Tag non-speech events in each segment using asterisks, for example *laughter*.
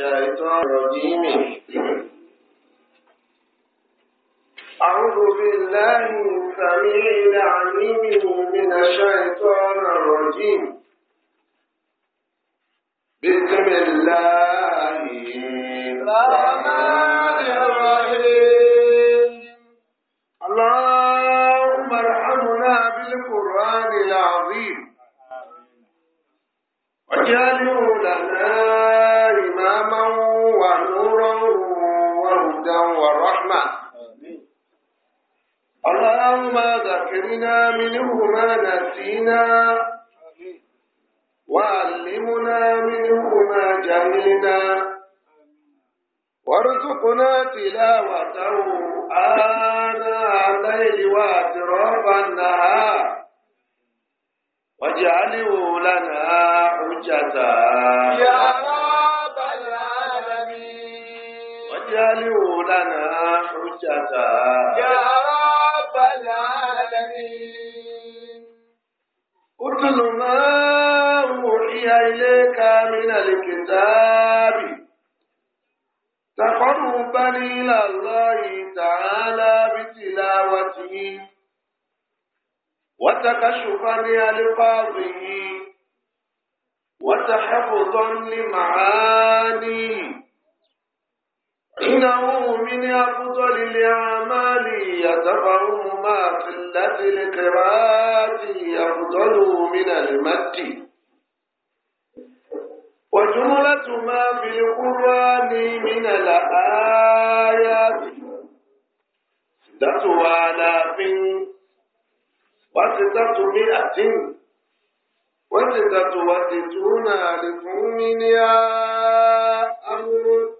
الشيطان الرجيم أعوذ بالله السميع العليم من الشيطان الرجيم بسم الله الرحمن الرحيم اللهم ارحمنا بالقرآن العظيم واجعله لنا والرحمة اللهم ذكرنا منه ما نسينا وعلمنا منه ما جهلنا وارزقنا تلاوته آناء الليل وأطراف النهار واجعله لنا حجة يا رب فاجعله لنا حجة يا رب العالمين اتل ما أوحي إليك من الكتاب تقربني إلى الله تعالى بتلاوته وتكشفا لألفاظه وتحفظا لمعانيه إنه من أفضل الأعمال يتبعه ما في الذي القراءة أفضل من المد وجملة ما في القرآن من الآيات ستة آلاف وستة مئة وستة وستون ألف منها أمر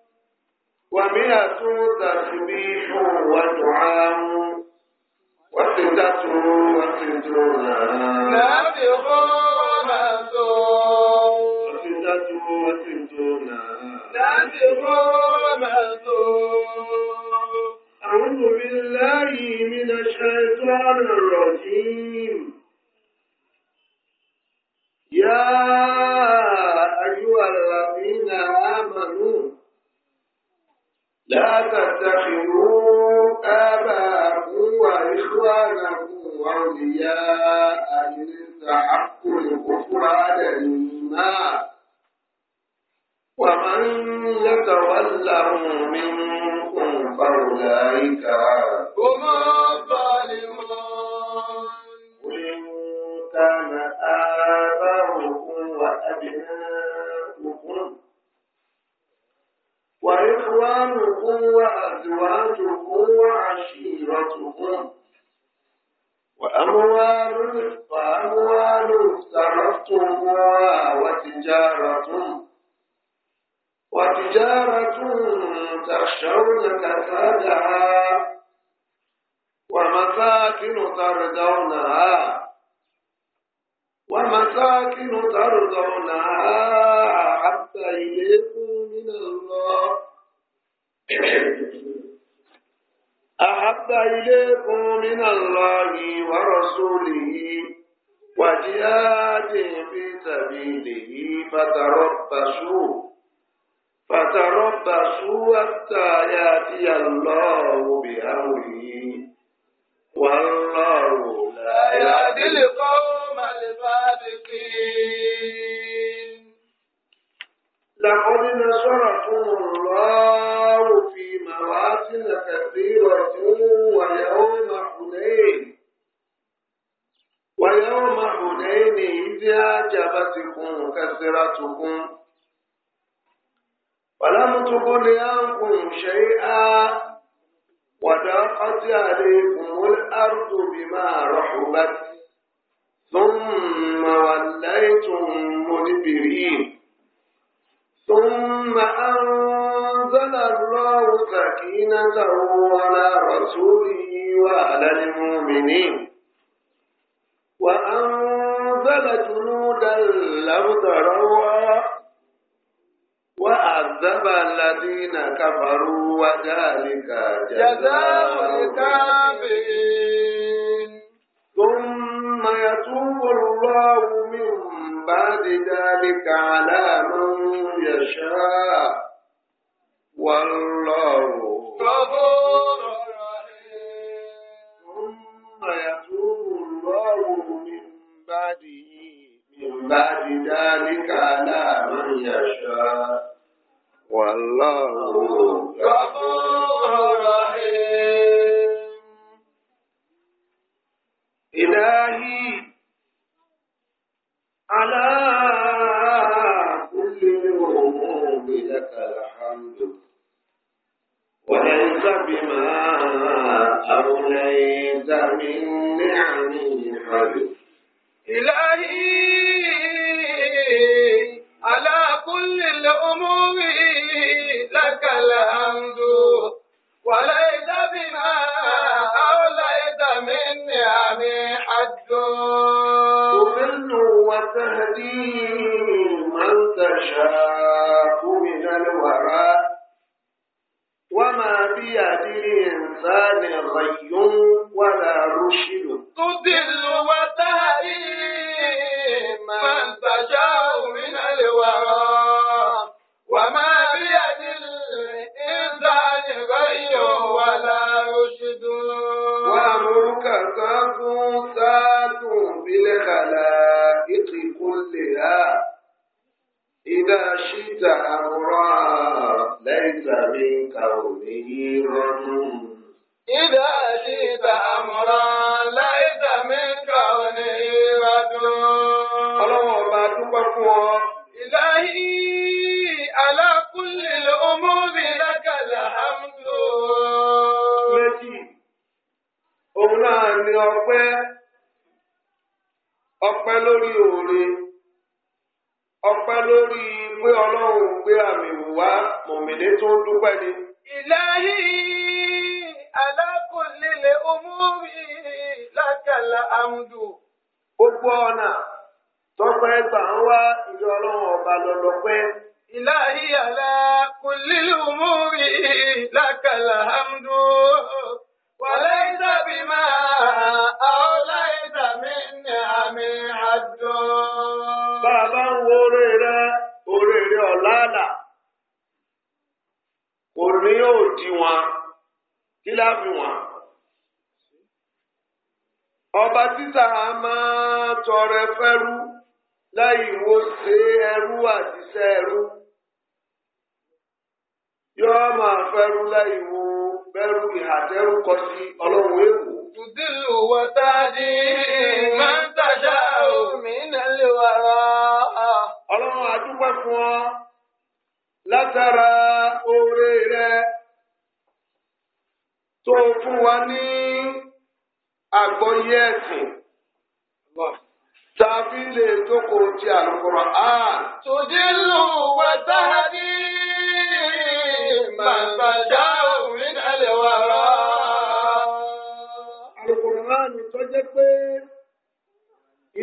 ومئة تسبيح ودعاء وستة وستون نافخ ومأثور وستة وستون نافخ ومأثور أعوذ بالله من الشيطان الرجيم يا أيها الذين آمنوا لا تتخذوا آباءكم وإخوانه أولياء إن استحقوا الكفر على الإيمان ومن يتولهم منكم فأولئك هم الظالمون قل إن كان آباءكم وإخوانكم وأزواجكم وعشيرتكم وأموال وأموال اقترفتموها وتجارة وتجارة تخشون كفادها ومساكن ترضونها ومساكن ترضونها أحب إليكم من الله أحب إليكم من الله ورسوله وجهاد في سبيله فتربصوا فتربصوا حتى يأتي الله بأمره والله لا يهدي القوم قوم الفاسقين لقد نصركم الله في مواسم كثيرة ويوم حنين ويوم حنين إذ أعجبتكم كثرتكم ولم تغن عنكم شيئا وضاقت عليكم الأرض بما رحبت ثم وليتم مدبرين ثم أنزل الله سكينته على رسوله وعلى المؤمنين وأنزل جنودا لم تروها وعذب الذين كفروا وذلك جزاء الكافرين يتوب الله من بعد ذلك على من يشاء والله غفور ثم يتوب الله من بعد من بعد ذلك على من يشاء والله غفور رحيم إلهي على كل الهموم لك الحمد وليس بما أوليت من نعم حبيب إلهي على كل الأمور لك الحمد وليس وتهدي من تشاء من الورى وما بيد الإنسان غي ولا رشد تضل وتهدي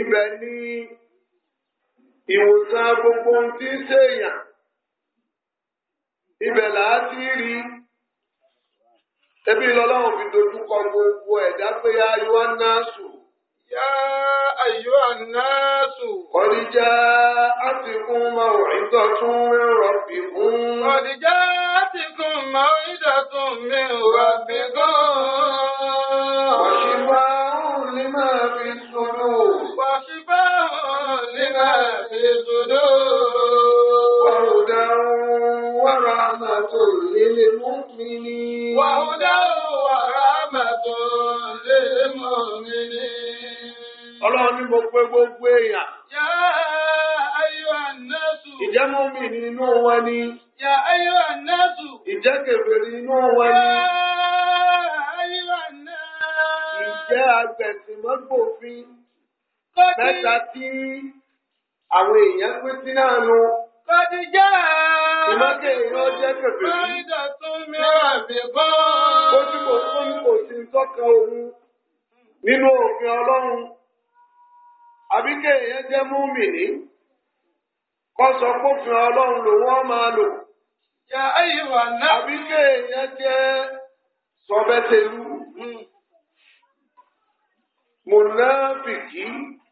ibẹ̀ ní ìwòsàn gbogbo ohun tí ń ṣèyàn ibẹ̀ là á ti rí ebi lọ́lọ́run fi dojúkọ gbogbo ẹ̀dá pé ayọ́ anáṣù. yá ayọ́ anáṣù. kọ́díjà á ti kún mọ́wọ́ ìtọ́tún rọ̀ bí kún. kọ́díjà á ti kún mọ́wọ́ ìtọ́tún mi rọ̀ bí kún. wọ́n ṣì máa ń máa fi sùn. الصدور وهدى ورحمة للمؤمنين وهدى ورحمة للمؤمنين Ọlọ́run ní mo pé gbogbo èèyàn. Yá ayọ̀ ànásù. Ìjẹ́ mọ́mì nínú wọn ni. Yá ayọ̀ ànásù. Ìjẹ́ kèfèrè nínú wọn ni. Yá ayọ̀ ànásù. Ìjẹ́ agbẹ̀sìmọ́gbòfin. Mẹ́ta tí. àwọn èèyàn pín sí náà nu. Kọ́díjà jẹ́ ìlú ọjọ́ kẹfẹ́. Kọ́díjà tó mìíràn bọ́. Ojú kò fún kò sí tọ́ka òun nínú òfin Ọlọ́run. Àbí kéèyàn jẹ́ múmìnì. Kọ́ Ọlọ́run lòun wọ́n máa lò. Yà ayé wà náà. Àbí kéèyàn jẹ́ sọ̀bẹ́tẹ̀lú. Hmm.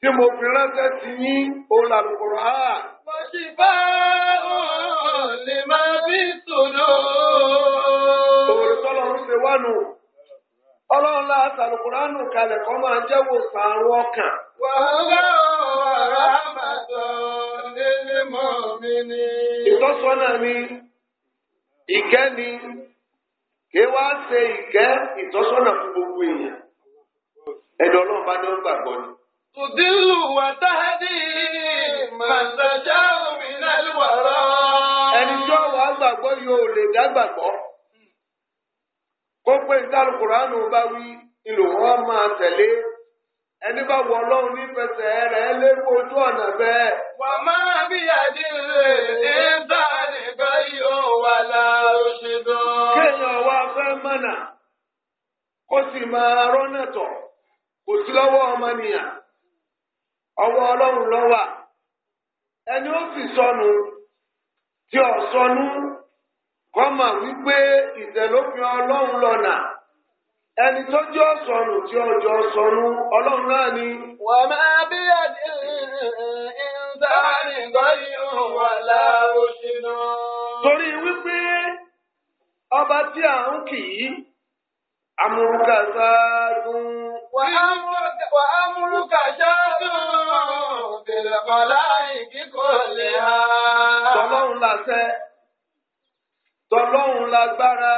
tí mo fi ránṣẹ́ sí yín òun àlùkòrò á. mo ṣì bá òun lè máa bí sòdò. òòrùn tọ́lọ́run ṣe wá nù. ọlọ́run la àtàlùkòrò nù kalẹ̀ kọ́ máa jẹ́ wò sàárọ̀ ọkàn. wàhálà ọ̀rọ̀ àmàtọ̀ nílé mọ́ mi ni. ìtọ́sọ́nà mi ìkẹ́ ni kí wá ṣe ìkẹ́ ìtọ́sọ́nà fún gbogbo èèyàn. ẹ̀dọ̀ ọlọ́run bá ní ó gbàgbọ́ ni. تضل وتهدي من تشاء من الورى ẹni tí ọwọ́ àgbàgbọ́ yóò lè dágbàgbọ́ kó pé ìtàlù kùránù bá wí máa tẹ̀lé ẹni bá wọ ọlọ́run nífẹsẹ̀ rẹ̀ ojú ọ̀nà bẹ́ẹ̀. wà máa bí ẹ̀ẹ́dá yóò wà kéèyàn wá fẹ́ mọ̀nà kó sì máa rọ́nà tọ̀ kò sí lọ́wọ́ ọmọnìyàn. ọwọ́ ọlọ́run lọ́wà ẹni ó sì sọnù tí ò sọnù kọ́mà wípé ìtẹ̀lófin ọlọ́run lọ́nà ẹni tó jẹ́ ọ̀sọ̀nù tí ọjọ́ sọnù ọlọ́run náà ni. wà á máa bí àdé ìdáhìn gbọ́yìn wà láàrúṣinú. torí wípé ọba tí a ń kì í. أمرك زاد وأمرك زاد بالخلائق كلها tọlọ́hun láṣẹ tọlọ́hun lágbára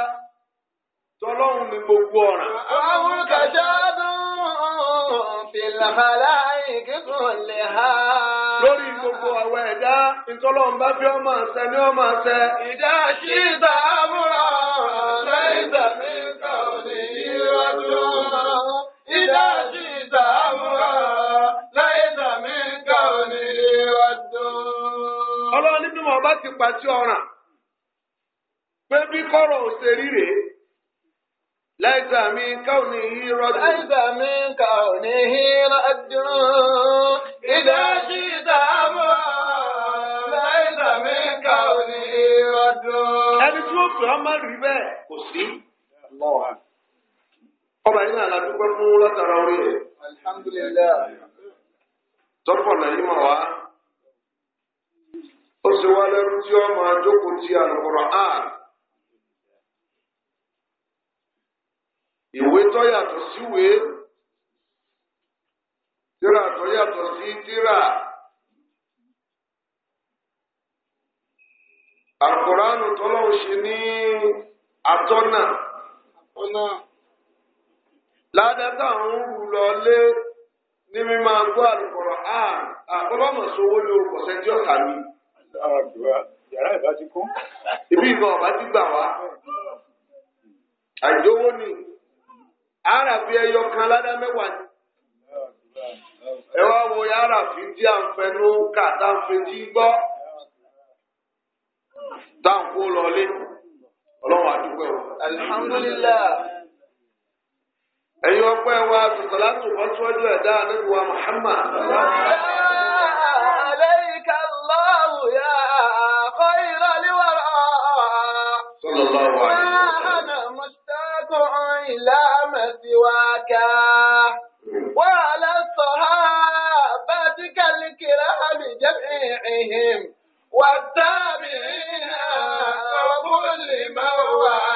tọlọ́hun ní gbogbo ọ̀ràn. وأمرك زاد بالخلائق كلها. lórí gbogbo àwọn ẹ̀dá ìtọ́lọ́hun bá bí ọmọ àṣẹ ní ọmọ àṣẹ. ìdá ṣì dá àmúra. Ọlọ́run ní bí bá ti pàtí ọ̀ràn pé bí kọ́rọ̀ ò rèé. ليس من كونه رد ليس من كونه رد إذا شئت ليس من كونه رد. ẹni tí ó rí bẹ́ẹ̀ kò sí. ọba yìí náà ládùúgbò fún látara orí rẹ̀. alihamudulilayi. tọ́pọ̀ náà yìí mọ̀ wá. ó sì wá lẹ́rú tí ó máa jókòó ti àlùkòrò áàrù. ìwé tó yàtọ̀ síwèé tíra tó yàtọ̀ sí tíra. àkùránù tọ́lọ́ òṣì ní atọ́nà ládàtà ń rú lọ lé ní mímọ àgọ àlùkọrọ à àkọlọ mọ sówó ló kọsẹ tí ọkà mi. yàrá ìbá ti kún. ibi ìgbà ọba ti gbà wá. àjọwọ́ ni àràbí ẹyọ kan ládà mẹ́wàá ni ẹ wá wo yàrá tí à ń fẹnu kà tá à ń fetí gbọ́ tá kó lọlé ọlọ́run àdúgbò ẹ̀ wọ́n. alihamudulilayi ẹ̀yin ọpẹ́ wa àtùkọ̀ láti wọ́n tọ́jú ẹ̀dá àdébù wa Muhammad. alayka Allahu ya khayra liwara. sallallahu alayhi wa sallam. ana mushtaqun ila masiwaka. wa ala sahabatika al jami'ihim. wa tabi'ina wa kulli man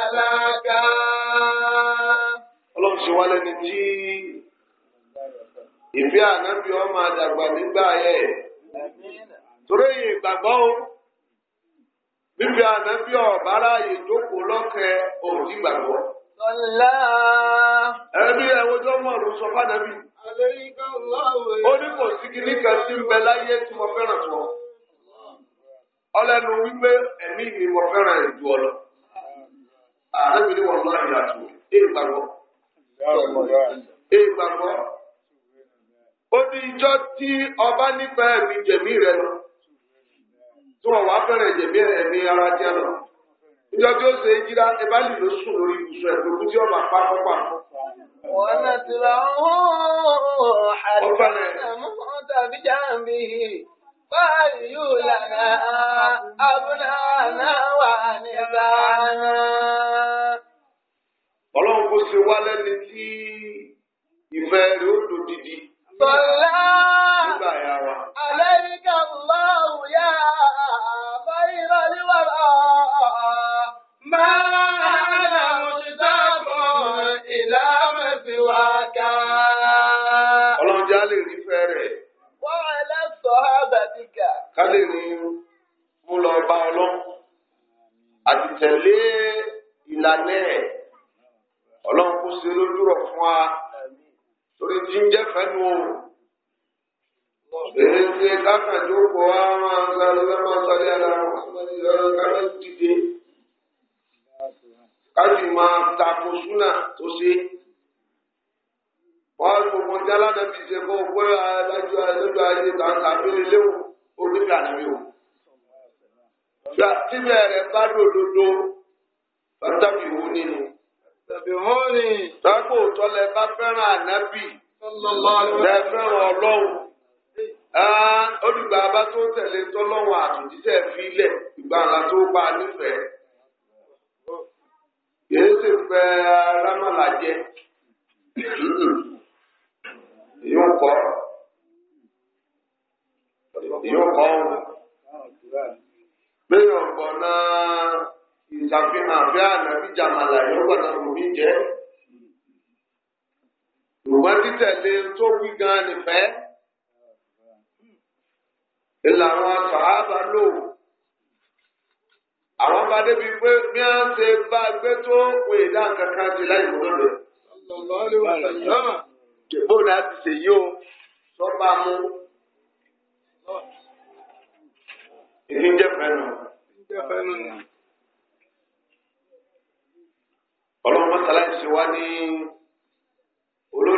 ṣe wá lẹ́ni tí ìfẹ́ ànábì ọmọ àdàgbà nígbà ayẹ torí èyí ìgbàgbọ́ o bíbí ànábì ọ̀bá ráàyè jókòó lọ́kẹ́ òdì gbàgbọ́. Sọlá. Ẹbí ẹwọ́jọ́ mọ̀rún sọ fánàbí. Ó ní kò sí kí níkà sí ń bẹ láyé tí mo fẹ́ràn tó. Ọlẹ́nu wípé ẹ̀mí mi mo fẹ́ràn ìjọ lọ. Ànábì ni wọ́n lọ́ọ́ ìyàtọ̀. Ẹ gbàgbọ́. ìgbàgbọ́ ó ìjọ tí ọba nípa ẹ̀mí jẹ̀mí rẹ lọ tí wọ́n wá fẹ́rẹ̀ jẹ̀mí ẹ̀mí ara jẹ́ lọ ìjọ tí ó ṣe é jíra tí pa wọ́n náà ti lọ tàbí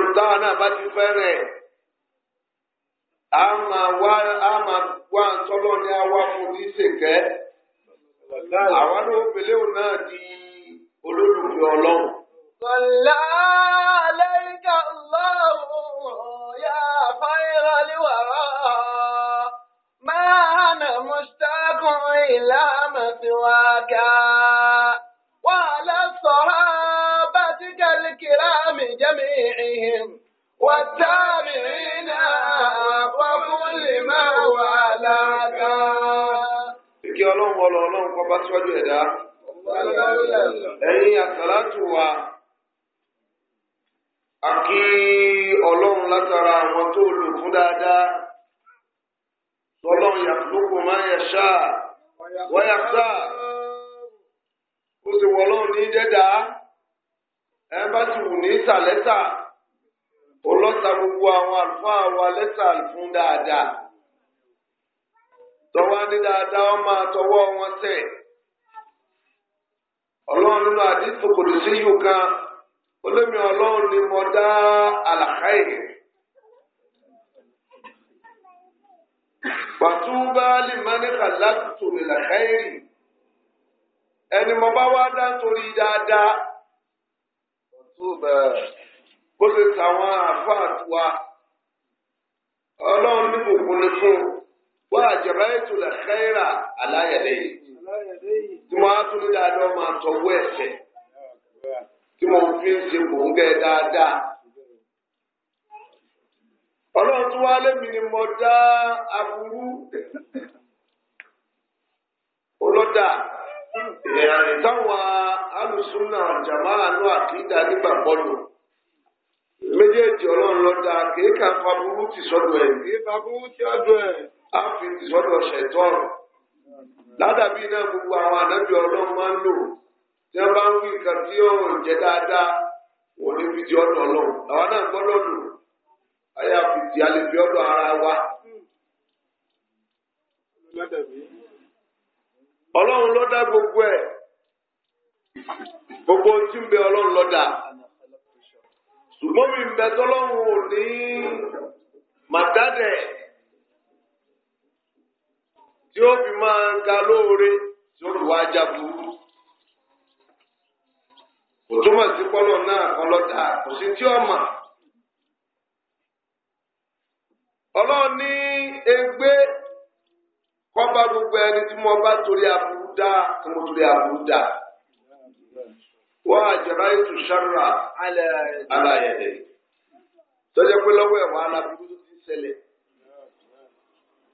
ẹnu táwa náà bá ti fẹ́rẹ̀ a máa wá a máa wá ntọ́lọ́ ní awa fún ní ṣèkẹ́ àwa ló pèlè òun náà di olólùfẹ́ ọlọ́run. Sọlá lẹ́yìnká lọ́wọ́ yá fáyọ́rọ́ níwàrá جميعهم والتابعين وكل ما والاك kí ọlọ́run ọlọ́ ọlọ́run kọ́ bá síwájú ẹ̀dá ẹ̀yin àsàlátù wa a kí ọlọ́run látara àwọn tó lò fún dáadáa ọlọ́run yàtúkù máa yẹ ṣáà wọ́n yà ó sì wọ́ ọlọ́run ní dẹ́dàá ẹ bá ti wù ní ìta lẹ́tà ọlọ́ta gbogbo àwọn àlùfáà wa lẹ́tà fún dáadáa tọwọ́ ní dáadáa wọ́n máa tọwọ́ wọn tẹ̀ ọlọ́run nínú àdìsí kòtò sí yìí kan olómi ọlọ́run ni mo dá àlàkáyè. Wàtúbá lè máa ní kàlá tòlè làkáyè ẹni mo bá wá dá torí dáadáa mọ̀sùlùmẹ̀ bó ṣe tàwọn àfáà tiwa ọlọ́run ní gbogbo ni fún wọ́n àjọ̀rọ̀ ètò lẹ̀ xẹ́yìrà aláyẹ̀lẹ́ yìí tí wọ́n á tún ní dáadọ́ máa tọ́wọ́ ẹ̀fẹ̀ tí wọ́n fi ń ṣe gbòǹgẹ́ dáadáa. ọlọ́run tún wá lémi ni mo dá aburú olódà. ìrìn táwọn alùsùnà jàmáà nù àkìdá nígbà pọ̀lù méjèèjì ọlọ́run kéèkà ti kí ti ọdọ̀ ẹ̀ á ti sọ́dọ̀ ṣẹ̀tọ́rọ̀ ládàbí náà gbogbo àwọn ànábì ọlọ́run máa ń lò tí wọ́n bá ń wí tí dáadáa ní fi ti ọdọ̀ ọlọ́run ló dá gbogbo ẹ̀ gbogbo tí ń bẹ ọlọ́run ló dá ṣùgbọ́n mi ń bẹ tọ́lọ́run ò ní màdádẹ̀ tí ó fi máa ń ga lóore tí ó fi wá jábú kò túmọ̀ sí pọ́lọ̀ náà ọlọ́dà kò sí tí ọmọ. ọlọ́run ní egbé. kọ́ba gbogbo ẹni tí mo bá torí aburú dá tí mo torí aburú dá. wọ́n àjọra ètò sára aláyẹ̀dẹ̀ tọ́jú pé lọ́wọ́ ẹ̀ wọ́n aláburú tó ti ṣẹlẹ̀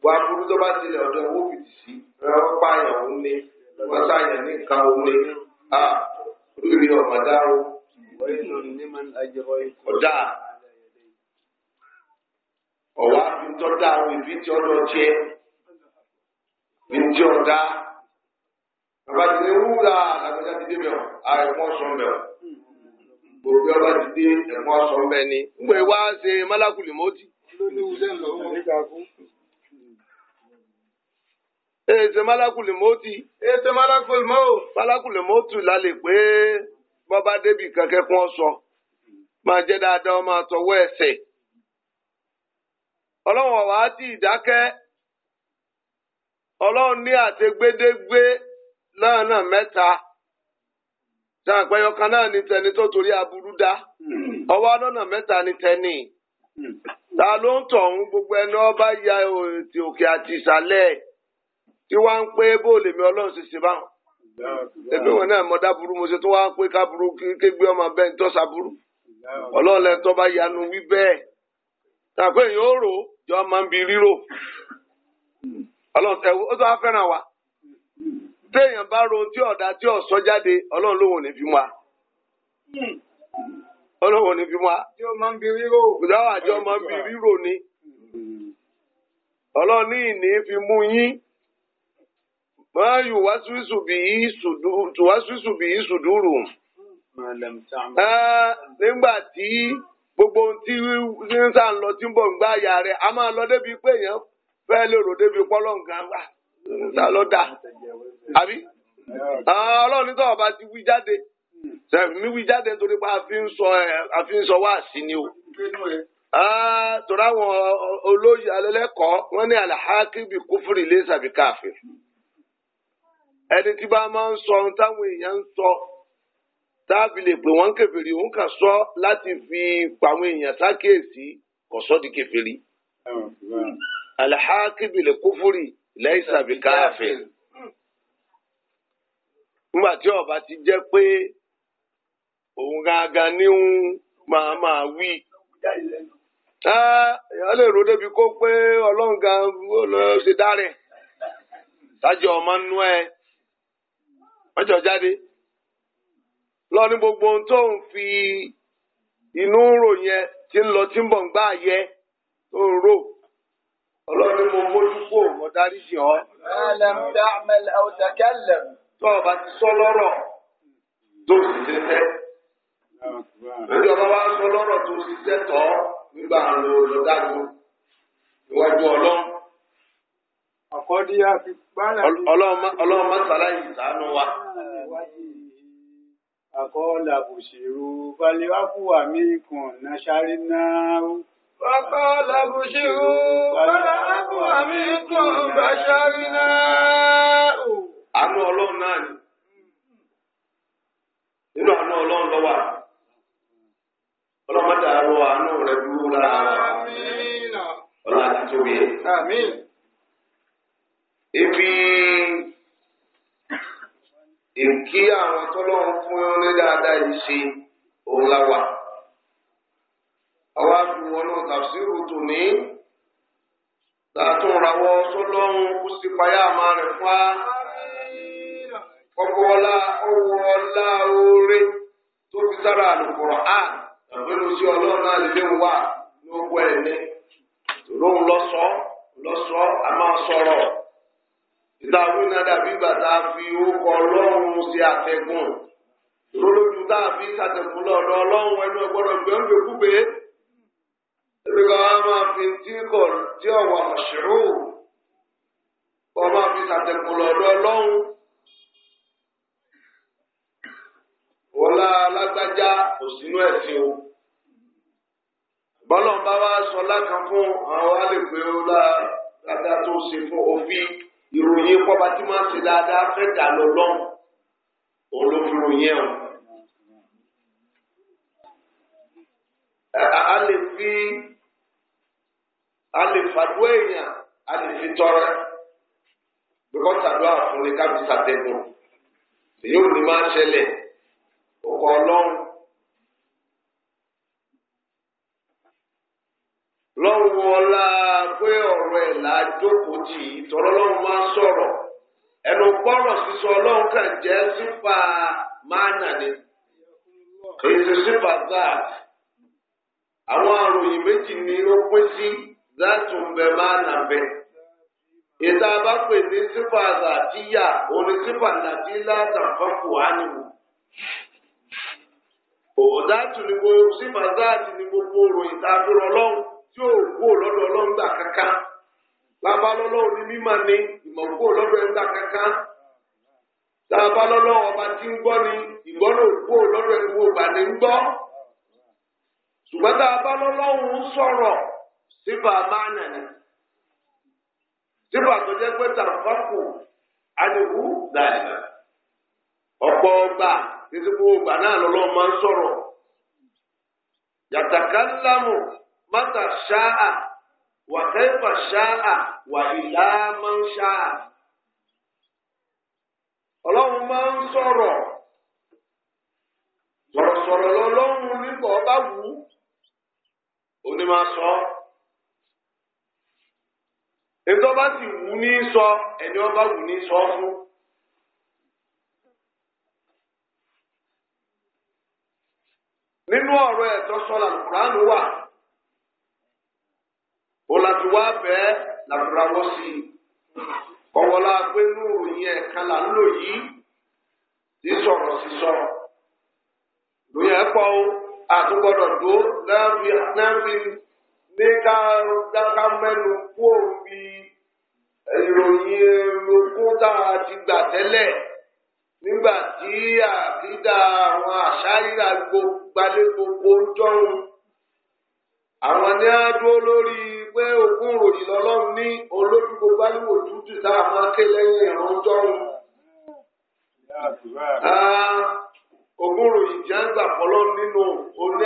wọ́n aburú tó bá ṣẹlẹ̀ ọ̀dọ̀ owó fìdí sí wọ́n pààyàn òun ni wọ́n sàyàn ní nǹkan òun ni lórí ọ̀mọ̀dá o. ọ̀dà ọ̀wá fi tọ́ da àwọn ìbí tí ọ̀dọ̀ jẹ́ ní tí ọ̀dá bàbá ti ní wúrà làgbàjá ti dé bẹ̀rù àìmọ́ sọ bẹ̀rù gbogbo ọba ti dé ẹ̀mọ́ sọ bẹ̀ ni. ńgbè wá ṣe málákùlì mọ́tì. èsè málákùlì mọ́tì. èsè málákùlì mọ́tì. málákùlì mọ́tì la lè pé bọ́ba débì kankan kún ọ sọ máa jẹ́ dáadáa máa tọwọ́ ẹsẹ̀. ọlọ́wọ̀n wàá ti ìdákẹ́. ọlọ́run ní àtẹgbédégbé lọ́nà mẹ́ta sàpẹyọkan náà ní tẹni tó torí aburú dá hmm. ọwọ́ lọ́nà mẹ́ta ní tẹni hmm. ta ló ń gbogbo ẹni ọba ya ti òkè àti ìsàlẹ̀ tí wọ́n ń pé bóòlù ọlọ́run ṣe ṣe báwọn ebi wọn náà mọ dáburú mo pé káburú kégbé ọmọ bẹ́ẹ̀ ó ó tó wá fẹ́ràn wa téèyàn bá ro tí ọ̀dà tí ọ̀sọ́ jáde ọlọ́run ló wò ní fi mu wa ọlọ́run ò ní fi mu wa. tí ó máa ń bi ríro. ìdáwọ̀ àjọ máa ń bi ríro ni ọlọ́run ní ìní fi mú yín máa yù wá sísù bí í sùdúrù. nígbà tí gbogbo ohun tí ń sàn lọ tí ń bọ̀ ń gbá àyà rẹ̀ a máa lọ débi pé èèyàn fẹ́ẹ́ lè rò débi pọ́lọ́ nǹkan wà ah, ta ló da àbí ah, ọlọ́run nítorí ọba ti wí jáde mi wí jáde nítorí pé a fi ń sọ eh, wá sí ni o ah, tora wọn olóyè alẹ́lẹ́kọ̀ọ́ wọ́n ní alahaki bi kúfúrì lẹ́sà bi káfíìrì ẹni tí bá máa ń sọ ohun táwọn èèyàn ń sọ táàbì lè pè wọ́n kèfèrí òun kàn sọ láti fi pàwọn èèyàn sákèésí kò sọ di kèfèrí. alihakimi lè kúfúrì lẹ́yìn àbí káàfin. Hmm. nígbà tí ọba ti jẹ́ pé máa máa wí. ro débi kó pé ṣe dárẹ̀ ọmọ ẹ jáde lọ ní gbogbo ohun tó ń fi inú rò yẹn tí ń lọ tí ń bọ̀ gbà yẹ tó ń rò. ọlọ́run ni mo mójú kó mo dáríjì ọ́. ẹlẹm dàmẹl ọtẹkẹlẹm. tó o bá ti sọ lọ́rọ̀ tó sì ṣe tẹ́. lórí ọba wa sọ lọ́rọ̀ tó sì tẹ́ tọ́ nígbà àrùn olùdájọ́ iwájú ọlọ́run. àkọ́dí àti gbálẹ̀. ọlọ́run mọ́sálá yìí sànú wa. àkọọ́lẹ̀ àbòṣèrò balẹ̀ wá fún wa mí kan náà sáré náà. فقال ابشروا فلعب منكم بشرنا àánú ọlọ́run náà ni nínú àánú ọlọ́run lọ́wọ́ àná ọlọ́run mọ́tà àrò àánú rẹ̀ dúró lára ọlọ́run ibi ìkí àwọn tọ́lọ́run fún ní dáadáa yìí ṣe òun la wà. fi wọnú tàfsírù tòní tààtún rawọ́ sọlọ́run kú sí payá máa rẹ̀ fún wa. ọkọ̀ ọlá ọwọ́ ọlá oore tó fi sára àlùkòrò á àbẹ̀lú sí ọlọ́run náà lè léwu wá ní ogun ẹ̀ ní. tòlóhùn lọ́sọ̀ọ́ lọ́sọ̀ọ́ a máa sọ̀rọ̀ ìtàwé náà dàbí ìgbà tá a fi orúkọ ọlọ́run ṣe àtẹ̀gùn lójú tá a fi ṣàtẹ̀gùn lọ́dọ̀ ọlọ́run ẹnu ọgbọ́dọ̀ gbẹ̀ǹgbẹ̀kúgbẹ̀ẹ́ lóríkọ wa máa fi tí kò tí ọ̀wà ṣòro kò máa fi ṣàtẹ̀kù lọ́dọ̀ ọlọ́run. Wọ́lá alágbájá kò sínú ẹ̀sìn o. Bọ́lọ̀ bá wá sọ lákan fún àwọn àlèpé ọlá dáadáa tó ṣe fún òfin ìròyìn kọ́ba tí máa ń ṣe dáadáa fẹ́ dà lọ lọ́hùn. Òun ló A lè fi a lè fàdú èèyàn a lè fi tọrẹ bíkọ́ sàdúrà fún ni kábi sàtẹ́gùn èyí ò ní máa ń ṣẹlẹ̀ ọkọ̀ ọlọ́run. lọ́wọ́ ọlá pé ọ̀rọ̀ ẹ̀ là á jókòó tì í tọ́lọ́ lọ́wọ́ máa sọ̀rọ̀ ẹnu gbọ́rọ̀ sísọ ọlọ́run kàn jẹ́ sípa máa nà ní. èyí ti sípa zaad àwọn àròyìn méjì ni ó pín sí. zátù ń bẹ máa nà bẹ. Ìta bá pè ní sífà àzàdíyà onísífà nàbí látàkọ́kù ánìwò. Òdàtù ni gbogbo sífà záàtì ni gbogbo ròyìn tá a tí ò lọ́dọ̀ ọlọ́run gbà kankan. Lábá lọ́lọ́run ní ni ìmọ̀ lọ́dọ̀ ẹ̀ ń gbà kankan. Lábá lọ́lọ́run ọba tí ń gbọ́ ni ìgbọ́ síbà máànà ni síbà tó jẹ́ pé tàǹfàkù àdìwú dàgbà ọ̀pọ̀ ọgbà títí ọgbà náà lọ́lọ́ máa ń sọ̀rọ̀ yàtàkàlámù mátà ṣáà wà ṣáà wà ìlà máa ń ṣáà ọlọ́run máa ń sọ̀rọ̀ sọ̀rọ̀sọ̀rọ̀ lọ́lọ́run nípa ọba wù ú ó sọ ètò ọba sì wù ní sọ ẹni ọba wù ní sọ fún. nínú ọ̀rọ̀ ẹ̀tọ́ sọ́la lùkùránù wà ó láti wá bẹ́ẹ̀ làbúrawọ́ sí i ọ̀wọ́lá gbénú òyìn ẹ̀ka là ń lò yìí ti sọ̀rọ̀ sí sọ̀rọ̀ lóyún ẹ̀pọ̀ àtúgbọ́dọ̀ tó náà ní ká ká mẹ́nu kú òbí ìròyìn ogún tá a ti gbà tẹ́lẹ̀ nígbà tí àkídà àwọn àṣàyíra gbalé gbogbo ń jọrun àwọn ní á dúró lórí pé ogún ròyìn lọ́lọ́run ní olójú gbogbo aláwò tútù tá a máa ké lẹ́yìn ìrún jọrun. Ah, ogún ròyìn jẹ́ àgbà pọ́lọ́ nínú oní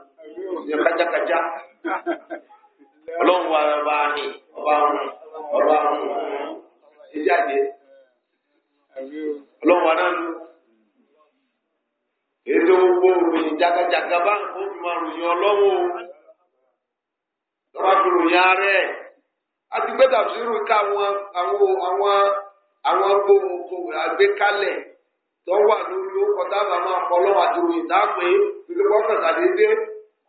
kájákájá ọlọ́run wa ọba ni ọba ń ọba ń ṣiṣẹ́ àjẹ ọlọ́run wa náà ló ètò gbogbo òròyìn jákàjáká bá ń kó fún àròyìn ọlọ́wọ́ lọ́wọ́ fi ròyìn ààrẹ àti gbé tàbísírù ká àwọn àwọn àwọn àwọn gbogbo àgbékalẹ̀ tó wà lórí ó kọjá àbámọ́ ọlọ́wọ́ àti ròyìn dápé ìdílé wọn kàn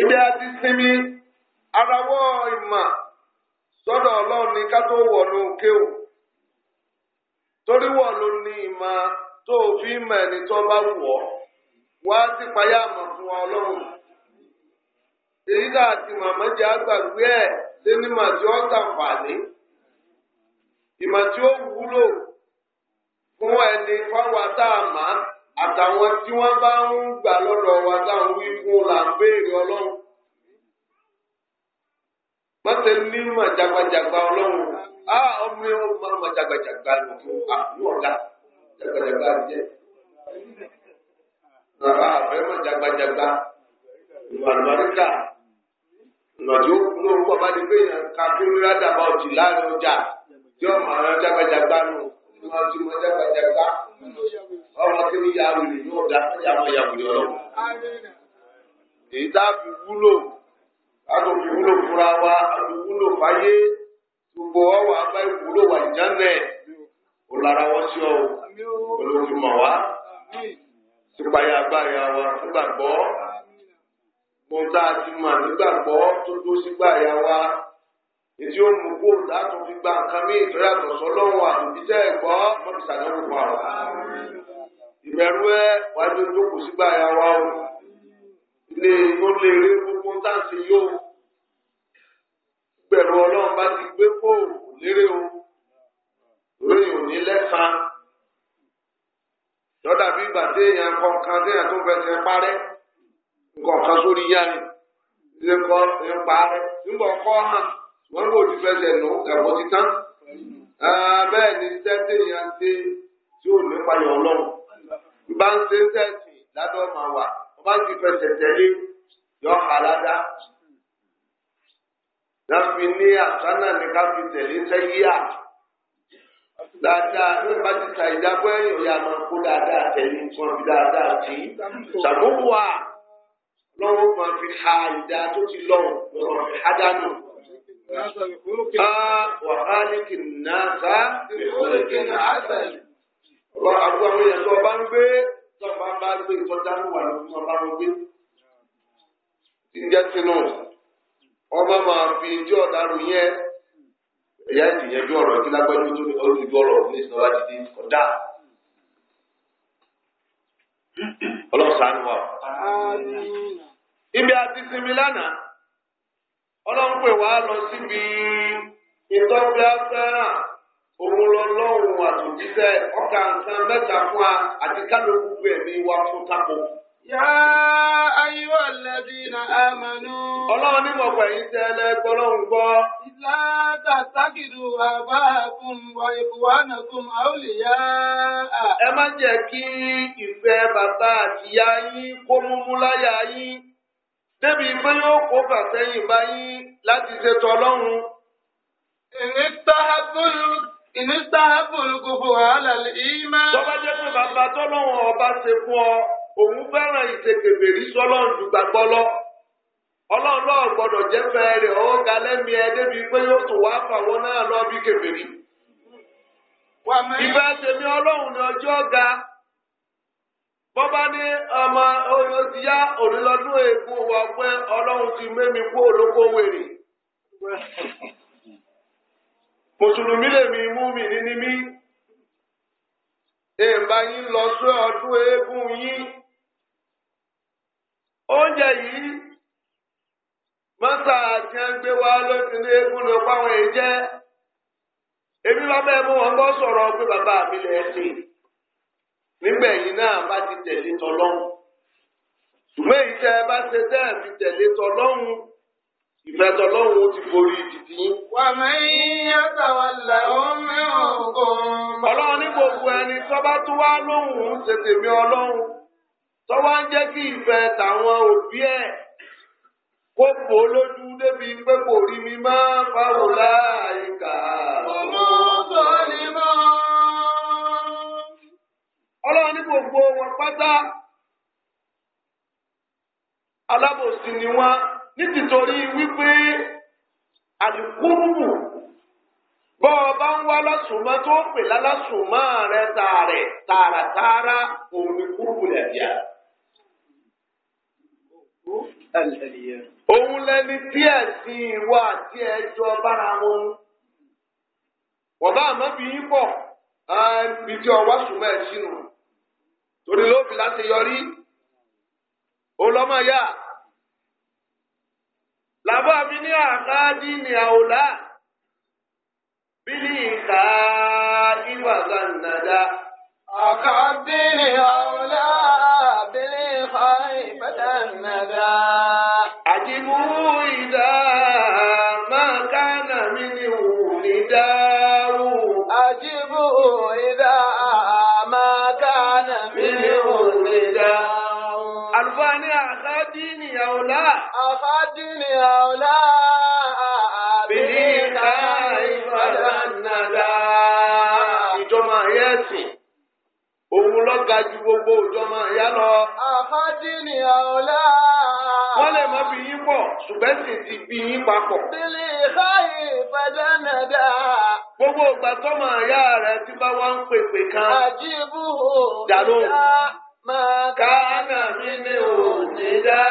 ibi àti sinmi arawo ìmọ̀ sọ́dọ̀ ọlọ́run ni ká tó wọ̀nù kéwù torí wọ̀nù ní ìmọ̀ tó fi mọ̀ ẹni tó bá wọ̀ wá sí payá mọ̀ fún wa ọlọ́run èyí dà àti màmá jẹ́ àgbàgbé ẹ̀ lé ní màtí ó sàǹfààní ìmọ̀ tí ó wúlò fún ẹni fáwọn àtàwọn tí wọ́n bá ń gbà lọ́dọ̀ wa táwọn wí fún la ń béèrè ọlọ́run. Mọ́tẹ́ ní màjàgbàjàgbà ọlọ́run. Á ọmọ yẹn wọ́n máa màjàgbàjàgbà lọ́dún àwọn ọ̀gá jàgbàjàgbà jẹ́. Bàbá àfẹ́ màjàgbàjàgbà ìmọ̀lùmọ́ríkà. Ìmọ̀tí ó kú lórúkọ bá di pé èèyàn ká kí lórí àdàbà òjì láàrin ọjà tí ọmọ àwọn jàgbàjàgbà nù. Ìmọ̀tí mọ̀ jàgbàjàgbà ọmọ tí ó ya wèrè ní ọ̀dà tí àwọn ya wèrè ọlọ́wọ́. èyí tá a fi wúlò àti òfin wúlò fúnra wa àti wúlò fáyé gbogbo ọwọ́ abá ìwúlò wà jẹ́nẹ̀ ò lára wọ́n sí ọ olóògùn mọ̀ wá sípayà agbára wa nígbàgbọ́ mo tá a ti mọ̀ nígbàgbọ́ tó tó sígbàyà wa èdè òmù kó látọ̀ fi gba nǹkan mí ìtọ́yàtọ̀ sọ́lọ́run àtòbí tẹ́ ẹ̀kọ́ mọ́tìsàdánwò pa ọ́ ìbẹ̀rù ẹ wájú tó kù sígbà ya wá o lè tó lè rí gbogbo táǹtì yóò gbẹ̀rù ọlọ́run bá ti gbé fóònù lérè o lórí òní lẹ́ka lọ́dà bí ìgbà téèyàn kọ̀ọ̀kan téèyàn tó fẹsẹ̀ parẹ́ nǹkan sórí yá ni ilé kọ́ ń parẹ́ nígbà kọ́ hàn wọ́n kò ti fẹsẹ̀ nù ẹ̀kọ́ ti tán bẹ́ẹ̀ ni iṣẹ́ téèyàn ṣe tí ò ní payọ̀ ọlọ́run ìbá ń ṣe sẹ́sìn ládọ́ máa wà ọba ti fẹsẹ̀ tẹ̀lé yọ àládá. Láfi ní àsánà ní ká fi tẹ̀lé sẹ́yíà. Dáadáa ní ìbá ti ẹ̀yìn òyà kó dáadáa tẹ̀lé nǹkan fi dáadáa sí. Ṣàmúlò wà lọ́wọ́ máa fi ha ìdá tó ti lọ́wọ́ lọ́wọ́ fi há dánù. Ká wàhálì kìnnà sá. Ìfúrikìnnà àtàlù àdúgbò àwọn èèyàn tó ọba ń gbé tó ọba ń bá gbé ìtọ́jà ń wà lórí ọba ń gbé. Ìjẹ́ tinú ọmọ máa fi ijó ọ̀daràn yẹn ẹ̀yà ìdìyẹn bí ọ̀rọ̀ ìdílágbẹ́jú tó ní ọdún ìgbọ́ ọ̀rọ̀ ní ìsinmi láti di ọ̀dà. Ọlọ́sàn-án wà. Ibi àti sinmi lánàá, ọlọ́run pè wá lọ síbi ìtọ́jú afẹ́ràn. òun lọ́lọ́run àtòjíṣẹ́ ọkà nǹkan mẹ́ta fún wa àti kálukú ẹ̀mí wa fún tako. Yá lẹ́bí na àmàlú. Ọlọ́run ní mọ̀ gbọ́. Ìlà àbá Ẹ má jẹ́ kí ìfẹ́ bàbá àtìyá yín kó múmú láyà yín. Débi yóò kó láti ṣètò ọlọ́run. ìníta apple àlàlẹ ìmọ̀. tọ́ba jẹ́ pé bàbá tọ́lọ́wọ́n ọba ṣe fún ọ òun fẹ́ràn ìṣèkèbèrè sọ́lọ́run ju gbàgbọ́ ọlọ́run lọ́ọ̀ gbọ́dọ̀ jẹ́ ga ẹ débi pé yóò tún wá fàwọn náà lọ bí kèbèrè. ìfẹ́ tèmi ga ní ọmọ pé ọlọ́run ti kú *laughs* mùsùlùmí lèmi múmìnì ní mí èèmbá yín lọ sí ọdún eégún yín oúnjẹ yìí mọ́tà tí wọ́n gbé wa lọ́sìn ní eégún ló pàwọn èyí jẹ́ èmi lọ́mọ ẹ̀ mú wọn bọ́ sọ̀rọ̀ pé bàbá mi lè ṣe náà bá ti tẹ̀lé tọ́lọ́hún ṣùgbọ́n èyí tẹ́ ẹ ìfẹ́ tọ́lọ́run ti borí títí. wà á mẹ́yìn àtàwálà ọmọ ọ̀gọ́. ọlọ́run ní gbogbo ẹni tó bá tún wá lóhùn tètè mi ọlọ́run tó wá ń jẹ́ kí ìfẹ́ tàwọn òbí ẹ̀ kó bò lójú débi pé kò rí mi máa fáwọn láàyíká. ọmọ ọ̀gọ́ ni mọ́. ọlọ́run ní gbogbo wọn pátá alábòsí ni wọ́n nítìtorí wípé àdìkúrú bọ́ ọ bá ń wá lásùnmọ́ tó pè lálásùnmọ́ rẹ tààrẹ̀ tààràtààrà òun ni kúrú rẹ̀ bíà. Òun lẹni tí ẹ̀sìn ìwà àti ẹjọ́ bára wọn. Wọ́n bá àmọ́ bí yín pọ̀ ibi tí ọwọ́ sùnmọ́ ẹ̀ sínú. Torí ló fi láti yọrí. Ó lọ́mọ yá làbá mi ní àkáàdì ní àwòlá bílí ìka ìwà gànàdà. àkáàdì ní àwòlá bílí ìka ìfẹ́ gànàdà. àjìmú ìdá. دين هؤلاء بالإيمان فلندا ìjọba yẹn sìn òun lọ ga ju gbogbo ìjọba yẹn lọ. àfáàdì ni àwòlá. wọ́n lè má bí yín pọ̀ ṣùgbọ́n sì ti bí yín papọ̀. bílí ìkáyì fẹ́dánadá. gbogbo ìgbà tọ́mọ àyá rẹ̀ ti bá wá ń pèpè kan. àjíbù òòjà máa kánà mí ní òòjà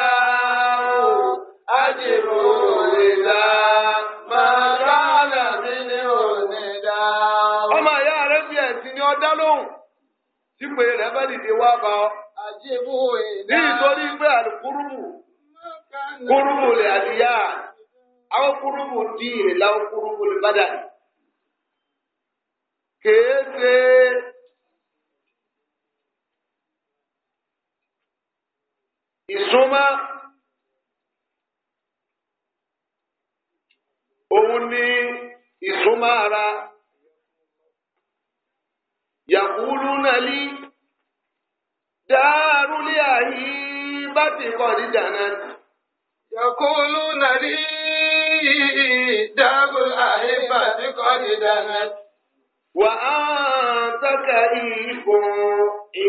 ọmọ ìyá rẹ fi ẹ̀sìn ni ọ dá lóhùn tí pé rẹ bá dìde wá bá ọ. ní ìtorí pé àlùkùrùmù kùrùmù lè àdìyá àwọn kùrùmù di ìrìlá kùrùmù lè bàdà. kèé ṣe ìsúnmọ́. أوني إسمارا يقولون لي دار لي باتي قريدانا يقولون لي دار لي باتي قريدانا وأنت كريف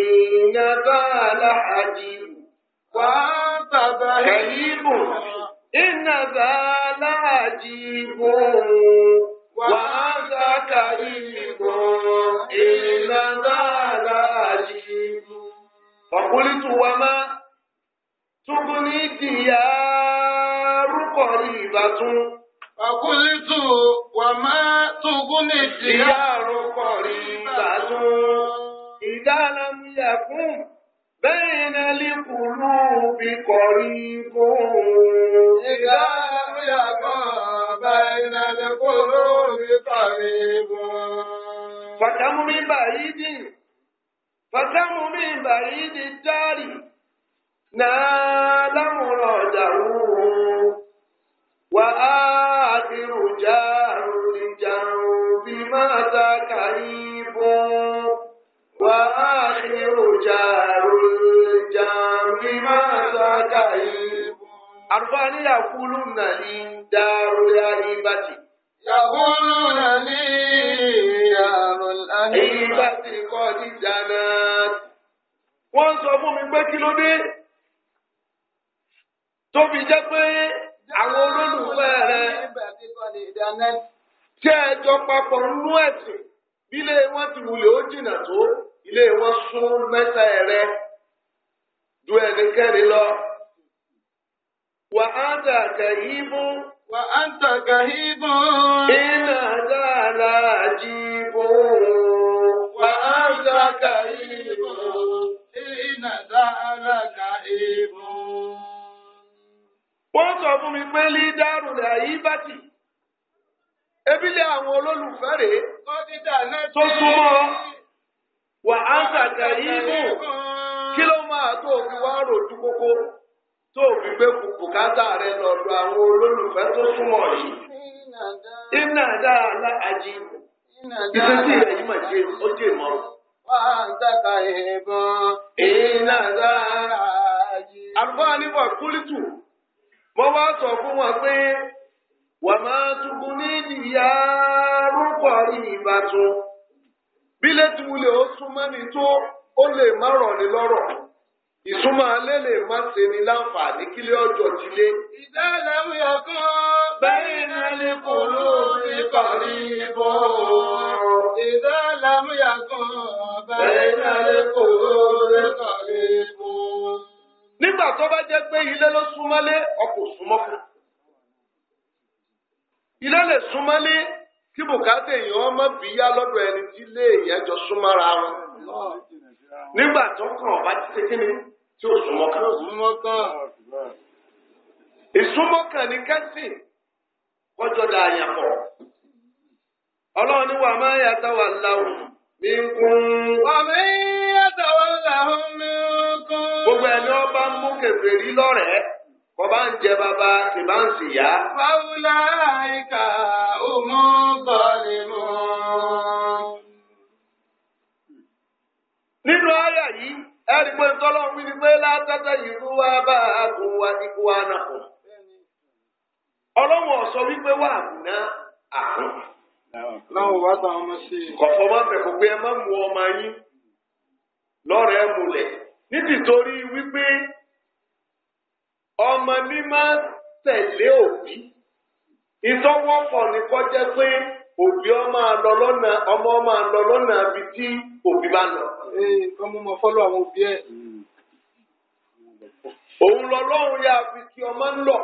إنك لحجيب وأنت كريف ìnàbà láàjì òun wà á sàkà ìbọn ìnàbà láàjì òun. ọ̀pọ̀lítù wa máa túbú ní dìyà rúkọ̀ ìbátan. ọ̀pọ̀lítù wa máa túbú ní dìyà rúkọ̀ ìbátan. ìdálàmúyà fún. بين القلوب قريب إذا لم بين القلوب قريب فكم من بعيد فكم من بعيد الدار نال مراده وآخر جار لجنب مات كريب وآخر جار àlùfáà يقولون لي دار ní يقولون لي yàkúlù nà ní dàrúlé àyíbàtì kọ́ ní jàǹdà. wọ́n sọ fún mi pé kí ló dé tó fi jẹ́ pé àwọn olólùfẹ́ rẹ̀ tẹ́ ẹ jọ papọ̀ nínú ẹ̀sìn ilé wọn ti wulẹ̀ ó jìnnà tó ilé wọn sún mẹ́ta rẹ̀ ju ẹnikẹ́ni lọ wà á dà kàhíbó. wà á dà kàhíbó. iná dára jíbó. wà á dà kàhíbó. iná dára kàhíbó. wọ́n sọ fún mi pé lídàrú rẹ̀ yí bá tì ebílẹ̀ àwọn olólùfẹ́ rèé tó súnmọ́ wà á ń tàkà yìí kí ló máa tó fi wá rò kókó. tó fi gbé bùkátà rẹ lọ́dọ̀ àwọn olólùfẹ́ tó súnmọ́ yìí. iná dáadáa ají ìfẹ́sí rẹ̀ yìí mà jẹ́ ó jẹ́ ìmọ̀. wà á ń tẹ́ka ìbọn. iná dáadáa ají. àlùfáà ní wà kúlítù mo wá sọ fún wọn pé wà máa tukun ní ìyá ìsúnmọ́ alẹ́ lè má ṣe ni láǹfààní kílẹ̀ ọjọ́ ti lé. ìdáláwí ọkọ bẹ́ẹ̀ náà lè kó lórí parí bọ́. ìdáláwí ọkọ bẹ́ẹ̀ náà lè kó lórí parí bọ́. nígbà tó bá jẹ́ pé ilé ló súnmọ́lé ọkọ̀ súnmọ́kù. ilé lè súnmọ́lé kí bùkátà èèyàn ọmọ bíyá lọ́dọ̀ ẹni tí ilé èèyàn jọ súnmọ́ra wọn. nígbà tó kàn ọba ti ṣe ni tí ó súnmọ́ kan. súnmọ́ kan. ìsúnmọ́ kan ní kẹ́sìn kọjọ́ da àyàn pọ̀. ọlọ́run ní wà máa yàtọ̀ wà láwùn mí kún. wà mí yàtọ̀ wà láwùn mí kún. gbogbo ẹni ọba ń mú kèfèrí lọ́rẹ̀ẹ́ kọba ń jẹ bàbá kìbá ń sì yá. fáwùlà àìkà òmùú. tatayiru abaakum wa ikwanakum ọlọ́wọ́ sọ wípé wà ná àkùn. láwọn bá tàwọn ọmọ sí i. kọ̀fọ́ máa bẹ̀ kó pé ẹ má mú ọmọ yín lọ́rẹ̀ẹ́ múlẹ̀ nítorí wípé ọmọ mi máa tẹ̀lé òbí ìtọ́wọ́pọ̀ ní kọjá pé òbí ọmọ àlọ́ lọ́nà ọmọ ọmọ àlọ́ lọ́nà bíi tí òbí bá lọ. ẹ kọ́ mọ́ fọ́lọ́ àwọn òbí ẹ̀ òun lọ́lọ́run yà fi kí ọmọ ń lọ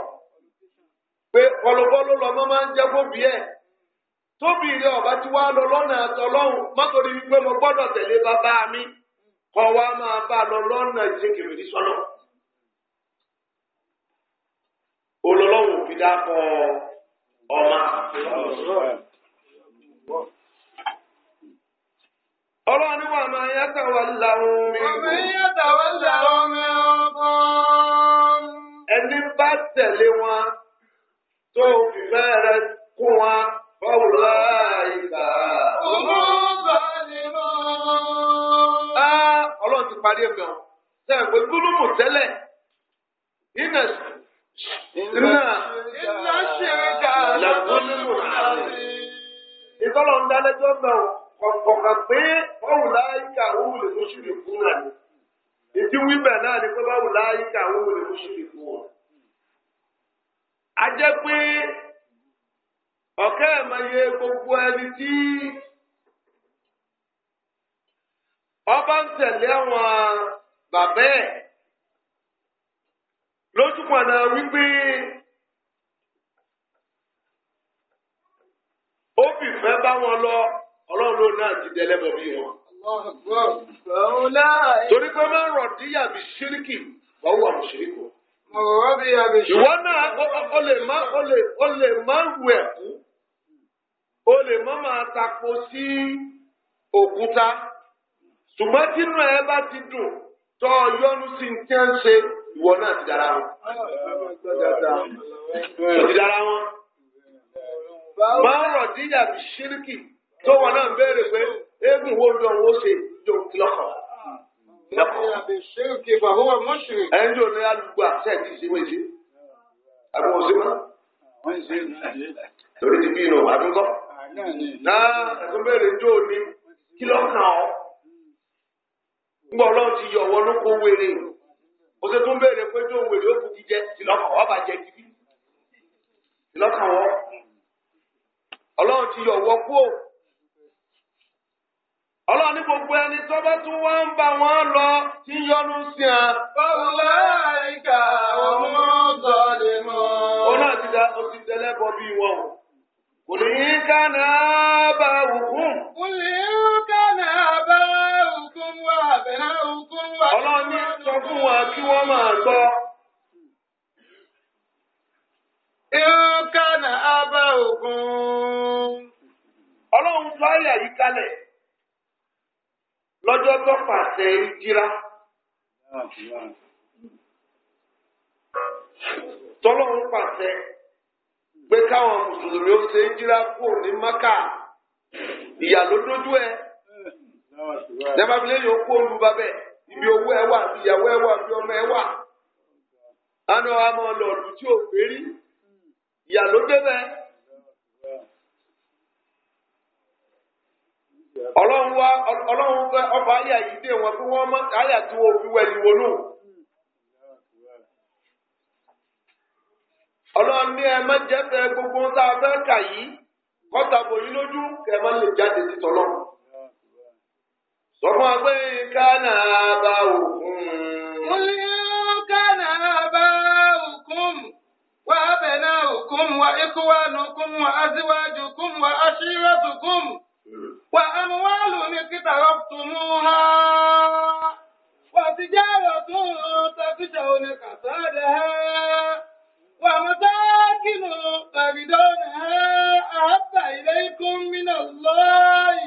pé ọlọ́bọ́lọ́ lọ́mọ máa ń jẹ́ kóbi ẹ̀ tóbi rẹ̀ ọ̀bá tí wàá lọ lọ́nà àtọ́lọ́run mọ́tòrí wípé mo gbọ́dọ̀ tẹ̀lé bàbá mi kọ́ wa máa bá lọ lọ́nà ìjẹ́kẹ̀rẹ̀ ní sọ́nà. olọ́lọ́run fi dákọ̀ ọmọ. ọlọ́run ni wàá máa yàtọ̀ wà láwọn mi. ọmọ yàtọ̀ wà láwọn mi bá tẹ̀lé wọn tó fi kú wọn báwo ìgbà. Òun bá ní Á ọlọ́run ti parí ẹ̀fẹ̀ wọn. Sẹ́yìn pé gbólóhùn tẹ́lẹ̀. Iná iná iná ṣe é dá lẹ́gbólóhùn àárín. Ìtọ́lọ̀ ń dá lẹ́jọ́ mẹ́wọ̀n kọ̀ọ̀kan pé báwo la ìgbà òun lè lóṣù lè kú náà ni. Ìdí wíbẹ̀ náà ni pé báwo la ìgbà òun lè lóṣù lè kú wọn a jẹ́ pé ọ̀kẹ́ ẹ̀mọye gbogbo ẹni tí ọba ń tẹ̀lé àwọn bàbá ẹ̀ lójúmọ̀nà wípé ó fìfẹ́ bá wọn lọ ọlọ́run náà ti dẹlẹ́bọ̀ bí wọn. torí pé máa ń ṣíríkì wọ́n wà mùsùlùmí ìwọ náà ó lè má ó lè ó lè má wù ẹ̀ fún ó lè má máa tako sí òkúta ṣùgbọ́n tínú ẹ bá ti dùn tọ́ yọ́nú sí ń tẹ́ ń ṣe ìwọ náà ti dára wọn. ti dára wọn. máa rọ̀ díyà bí ṣíríkì tó wọn náà ń béèrè pé eégún wo ló ṣe tó ẹni tó ní alùpùpù àṣẹ ti ṣe méje àbí wọn ṣe mọ lórí ti bí inú àdúgbò ah, náà ẹtún bẹ̀rẹ̀ ní tó ní kí ló kàn ọ́ ńgbọ́ ọlọ́run ti yọ̀ wọ́n ló kó wéré o ṣe tún bẹ̀rẹ̀ pé tó wèrè ó kù jíjẹ tìlọ́kàn ọ́ bàjẹ́ kíbí tìlọ́kàn ọ́ ọlọ́run ti yọ̀ wọ́n kú o ọlọ́run ní gbogbo ẹni tó bá tún wá ń bá wọn lọ tí ń yọnu sí à. ọ̀la ìka òun sọ̀lẹ̀ mọ́. ọlọ́ ti da ó ti tẹ́lẹ̀ bọ́ bí wọn o. kò ní í ká náà bá òkun. kò ní í ká bá òkun wà bẹ́ẹ̀ òkun wà. ọlọ́run ní sọ fún wọn kí wọ́n máa gbọ́. ìrúkà náà bá òkun. ọlọ́run tó àyà yìí kalẹ̀. lọ́jọ́ tó pàṣẹ ìjìra. tọ́lọ́run pàṣẹ pé káwọn mùsùlùmí ó ṣe ìjìra kúrò ní Mákà ìyà ẹ. ibi owó ẹ wà ìyàwó ẹ wà ibi ọmọ ẹ wa tí ò fẹ́ rí. Ìyà ọlọ́run wá ọlọ́run fẹ́ ọba ayé àyè dé wọn pé wọ́n mọ́ ayé àti wọn òbí wẹ̀ ọlọ́run ní ẹ jẹ́ fẹ́ gbogbo ohun tá a fẹ́ kà yìí bò yín lójú kẹ́ ẹ má lè jáde amwaluatụ ha taijantda gwamata kino ta bido na ha ahataghị iko milọyi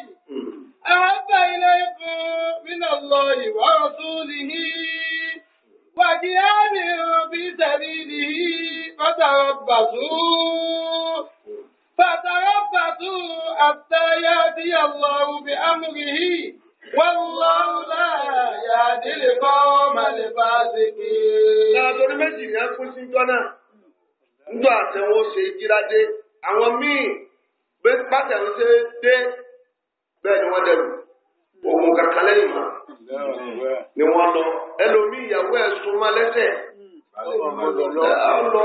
ahataghị na iko minolọ yi higbajiri dirụ biza didiiadaz فتربصوا حتى يهدي الله بأمره والله لا يهدي القوم الفاسقين. Ṣàtọ́ni méjì ni a kún sí Jọ́nà. Nígbà àtẹ̀wọ́ ṣe jíradé, àwọn míì gbé pàtẹ́wọ́ ṣe dé bẹ́ẹ̀ ni wọ́n dẹ̀rù. Òun kankan lẹ́yìn mọ́. Ni wọ́n lọ. Ẹlòmíì ìyàwó ẹ̀ súnmọ́ lẹ́sẹ̀. Àwọn lọ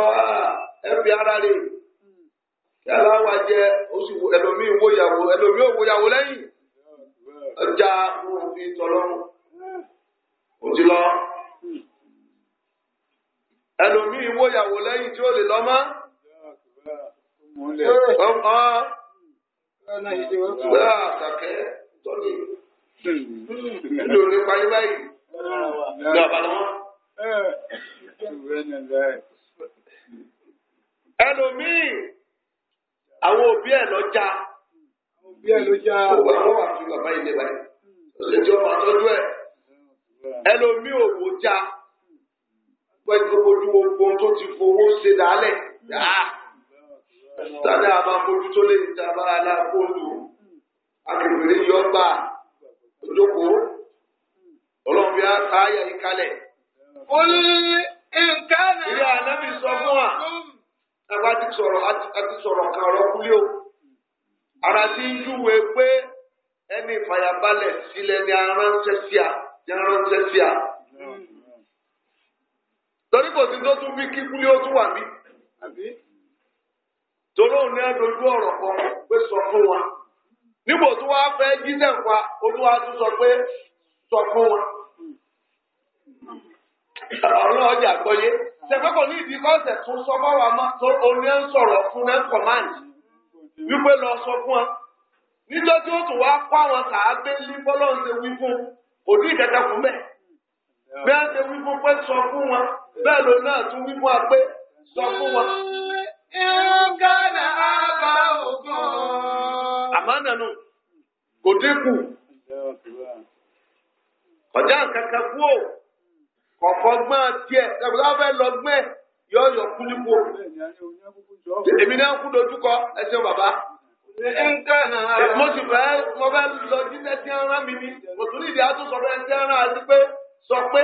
ẹbí ara rẹ̀ yàrá wa jẹ oṣù ẹlòmíì wo ìyàwó ẹlòmíì ò wo ìyàwó lẹ́yìn ọjà òbí tọlọ́run ó ti lọ ẹlòmíì wo ìyàwó lẹ́yìn tí ó lè lọ mọ́ ọmọ gbé àtàkẹ́ tọ́lé nílò nípa yín báyìí ní àbálọ́mọ́ ẹlòmíì àwọn òbí ẹ̀ lọ já. àwọn òbí ẹ̀ lọ já. òwò àwọn wà fún bàbá ilé wa yìí. ìjọ máa tọ́jú ẹ̀. ẹlòmíì òwò já. pẹ̀lú ojú gbogbo tó ti fowó ṣe dálẹ̀. tàbí àbá mójútó lè ta bá aláàbòlù. agbègbè yọ gbà lójókòó. ọlọ́run bí a ta ayà yìí kalẹ̀. olú nǹkan náà. ìyá ànábì sọ fún wa. ẹgbẹ́ ti sọ̀rọ̀ àti sọ̀rọ̀ ọ̀rọ̀ kúlé o ara ti ń júwe pé ẹni ìfàyàbalẹ̀ sílẹ̀ ni aránṣẹ́ sí à ni aránṣẹ́ sí torí kò sí tó tún fi kí kúlé tún wà bí. torí ní adojú ọ̀rọ̀ kan pé sọ fún tún sọ pé sọ fún wa. tẹ̀gbẹ́ kò ní ìdí kọ́sẹ̀ tó sọ báwa tó oní ń sọ̀rọ̀ fún ẹ̀ command wípé lọ sọ fún ẹ níjọ́ tí ó tún wá kó àwọn sàábé ní bọ́lọ́ ń ṣe wí fún kò ní ìkẹta fún bẹ́ẹ̀ bí wọ́n ṣe wí fún pé sọ fún wọn bẹ́ẹ̀ ló náà tún wí fún wa pé sọ fún wọn. ìrúgánà àbá ògùn. àmọ́ nànú kò dínkù kọjá nǹkan kú o kọ̀fọ́gbọ́n tiẹ̀ ẹ̀kọ́ tó fẹ́ lọ gbẹ́ yọ yọ kú ní kú. èmi náà kú dojúkọ ẹ ṣeun bàbá. mo sì fẹ́ mo fẹ́ lọ jíjẹ́ tí ń rán mi ni mo tún nídìí á tún sọ fẹ́ tí ń rán àti pé sọ pé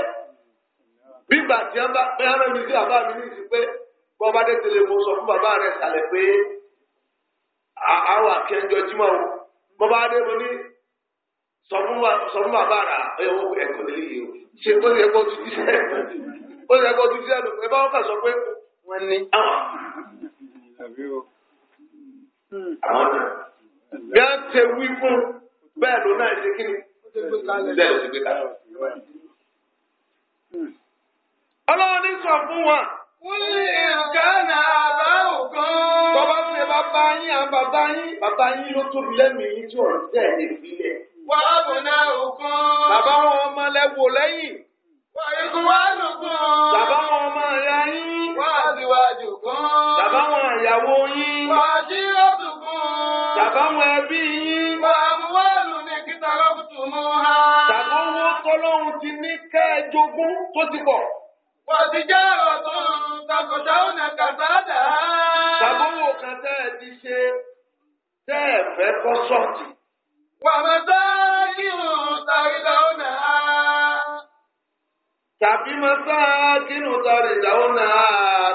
bígbà tí ń bá pẹ́ rán mi sí bàbá mi ní ìsìn pé bọ́ bá dé tẹ̀lé mo sọ fún bàbá rẹ̀ sàlẹ̀ pé àwọn àkẹ́ńjọ jímọ̀ bọ́ bá dé mo ní sọdún bàbá rà ẹ wọ lè yìí o ṣe bó ṣe kó tu iṣẹ́ bó ṣe kó tu iṣẹ́ lò ẹ bá wọn kà sọ pé wọn ní bí a ṣe wí fún bẹ́ẹ̀ ló náà ṣe kí ni bẹ́ẹ̀ ló ti gbé kalẹ̀. Hmm. ọlọ́run ní sọ fún wa. wúlì nǹkan àbá òkan. bọ́bá ṣe bàbá yín àbàbá yín bàbá yín ló tóbi lẹ́mìí tí ọ̀rọ̀ tẹ̀ lè fi lẹ̀ wà á bò náà òkun. bàbá wọn ọmọ lẹ wò lẹ́yìn. wà ikú wà lùkún. bàbá wọn ọmọ rẹ yín. wà á sì wà jùkún. bàbá wọn ìyàwó yín. wà á jí ọ̀dùnkún. bàbá wọn ẹbí yín. wà á mú wà lù ní kíta lọ́kùtù mú ha. tàbí owó tọ́lọ́hún ti ní kẹ́ẹ̀ẹ́dógún tó ti pọ̀. wà á ti jẹ́ ọ̀tún takọ̀tà ọ̀nà kàtàdà. tàbí owó kan tẹ́ ẹ ti ṣe tẹ́ ẹ fẹ́ kọ́ sọ́ọ̀tì. wà á mẹ́ta tàbí masáàkínú tàrí ìdáwọ́ náà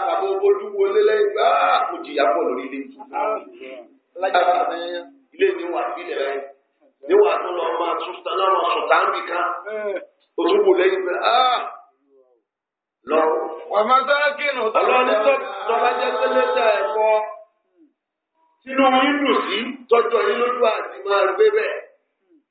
tàbí ojú wọlé lẹ́yìn gbá òjìyà pọ̀ lórí ilé ilé ni wà sílẹ̀ rẹ̀ ni wà tó lọ máa tún tánà lọ sùn táǹbì kan òtúbù lẹ́yìn pé lọ. wà masáàkínú tàrí ìdáwọ́ náà ọlọ́ni tọ́lá jẹ́ sẹ́lẹ̀tà ẹ̀kọ́ sínú yín dùn sí tọ́jú ẹ̀yìn lójú àti máa gbé bẹ́ẹ̀.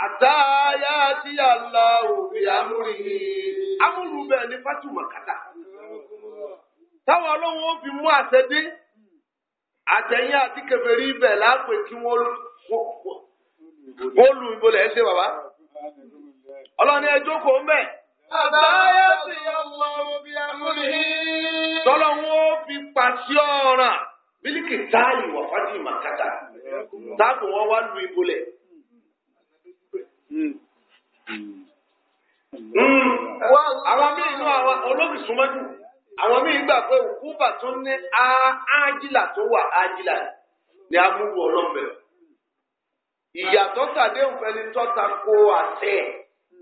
ya tí yà lọ òbí bẹ́ẹ̀ ni fátùmọ kàtà táwọn ọlọ́wọ́ fi mú àṣẹ dé àtẹ̀yìn àti ibẹ̀ lápè kí wọ́n lu ìbò ṣe bàbá ọlọ́ni ẹjọ́ kò ń bẹ̀. tọ́lọ́wọ́ fi pàṣẹ ọ̀ràn bílíkì wà fátùmọ kàtà táàbù wọn wá lu àwọn míì inú àwọn olóbì súnmọ́jú àwọn míì gbà pé òkúba tó ní ájílà tó wà ájílà ni a mú wọ lọ́mọbẹ̀. ìyàtọ̀ sàdéhùn fẹ́ni tọ́ta kó àtẹ̀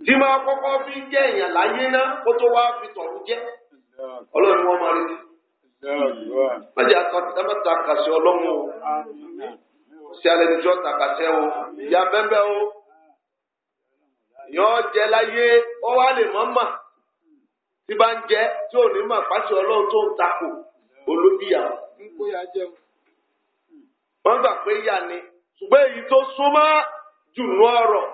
tí máa kọ́kọ́ fi jẹ́ èèyàn láyé náà kó tó wá fi tọ̀rù jẹ́ ọlọ́run wọn máa rí i. Májá tọ́ta ọlọ́run o, ṣe alẹ́ yọ jẹ láyé ọ wá lè mọ mà tí bá ń jẹ tí ò ní mà pàṣẹ ọlọ́run tó ń takò olóbìyà. wọ́n gbà pé ni ṣùgbọ́n èyí tó súnmọ́ jù nú ọ̀rọ̀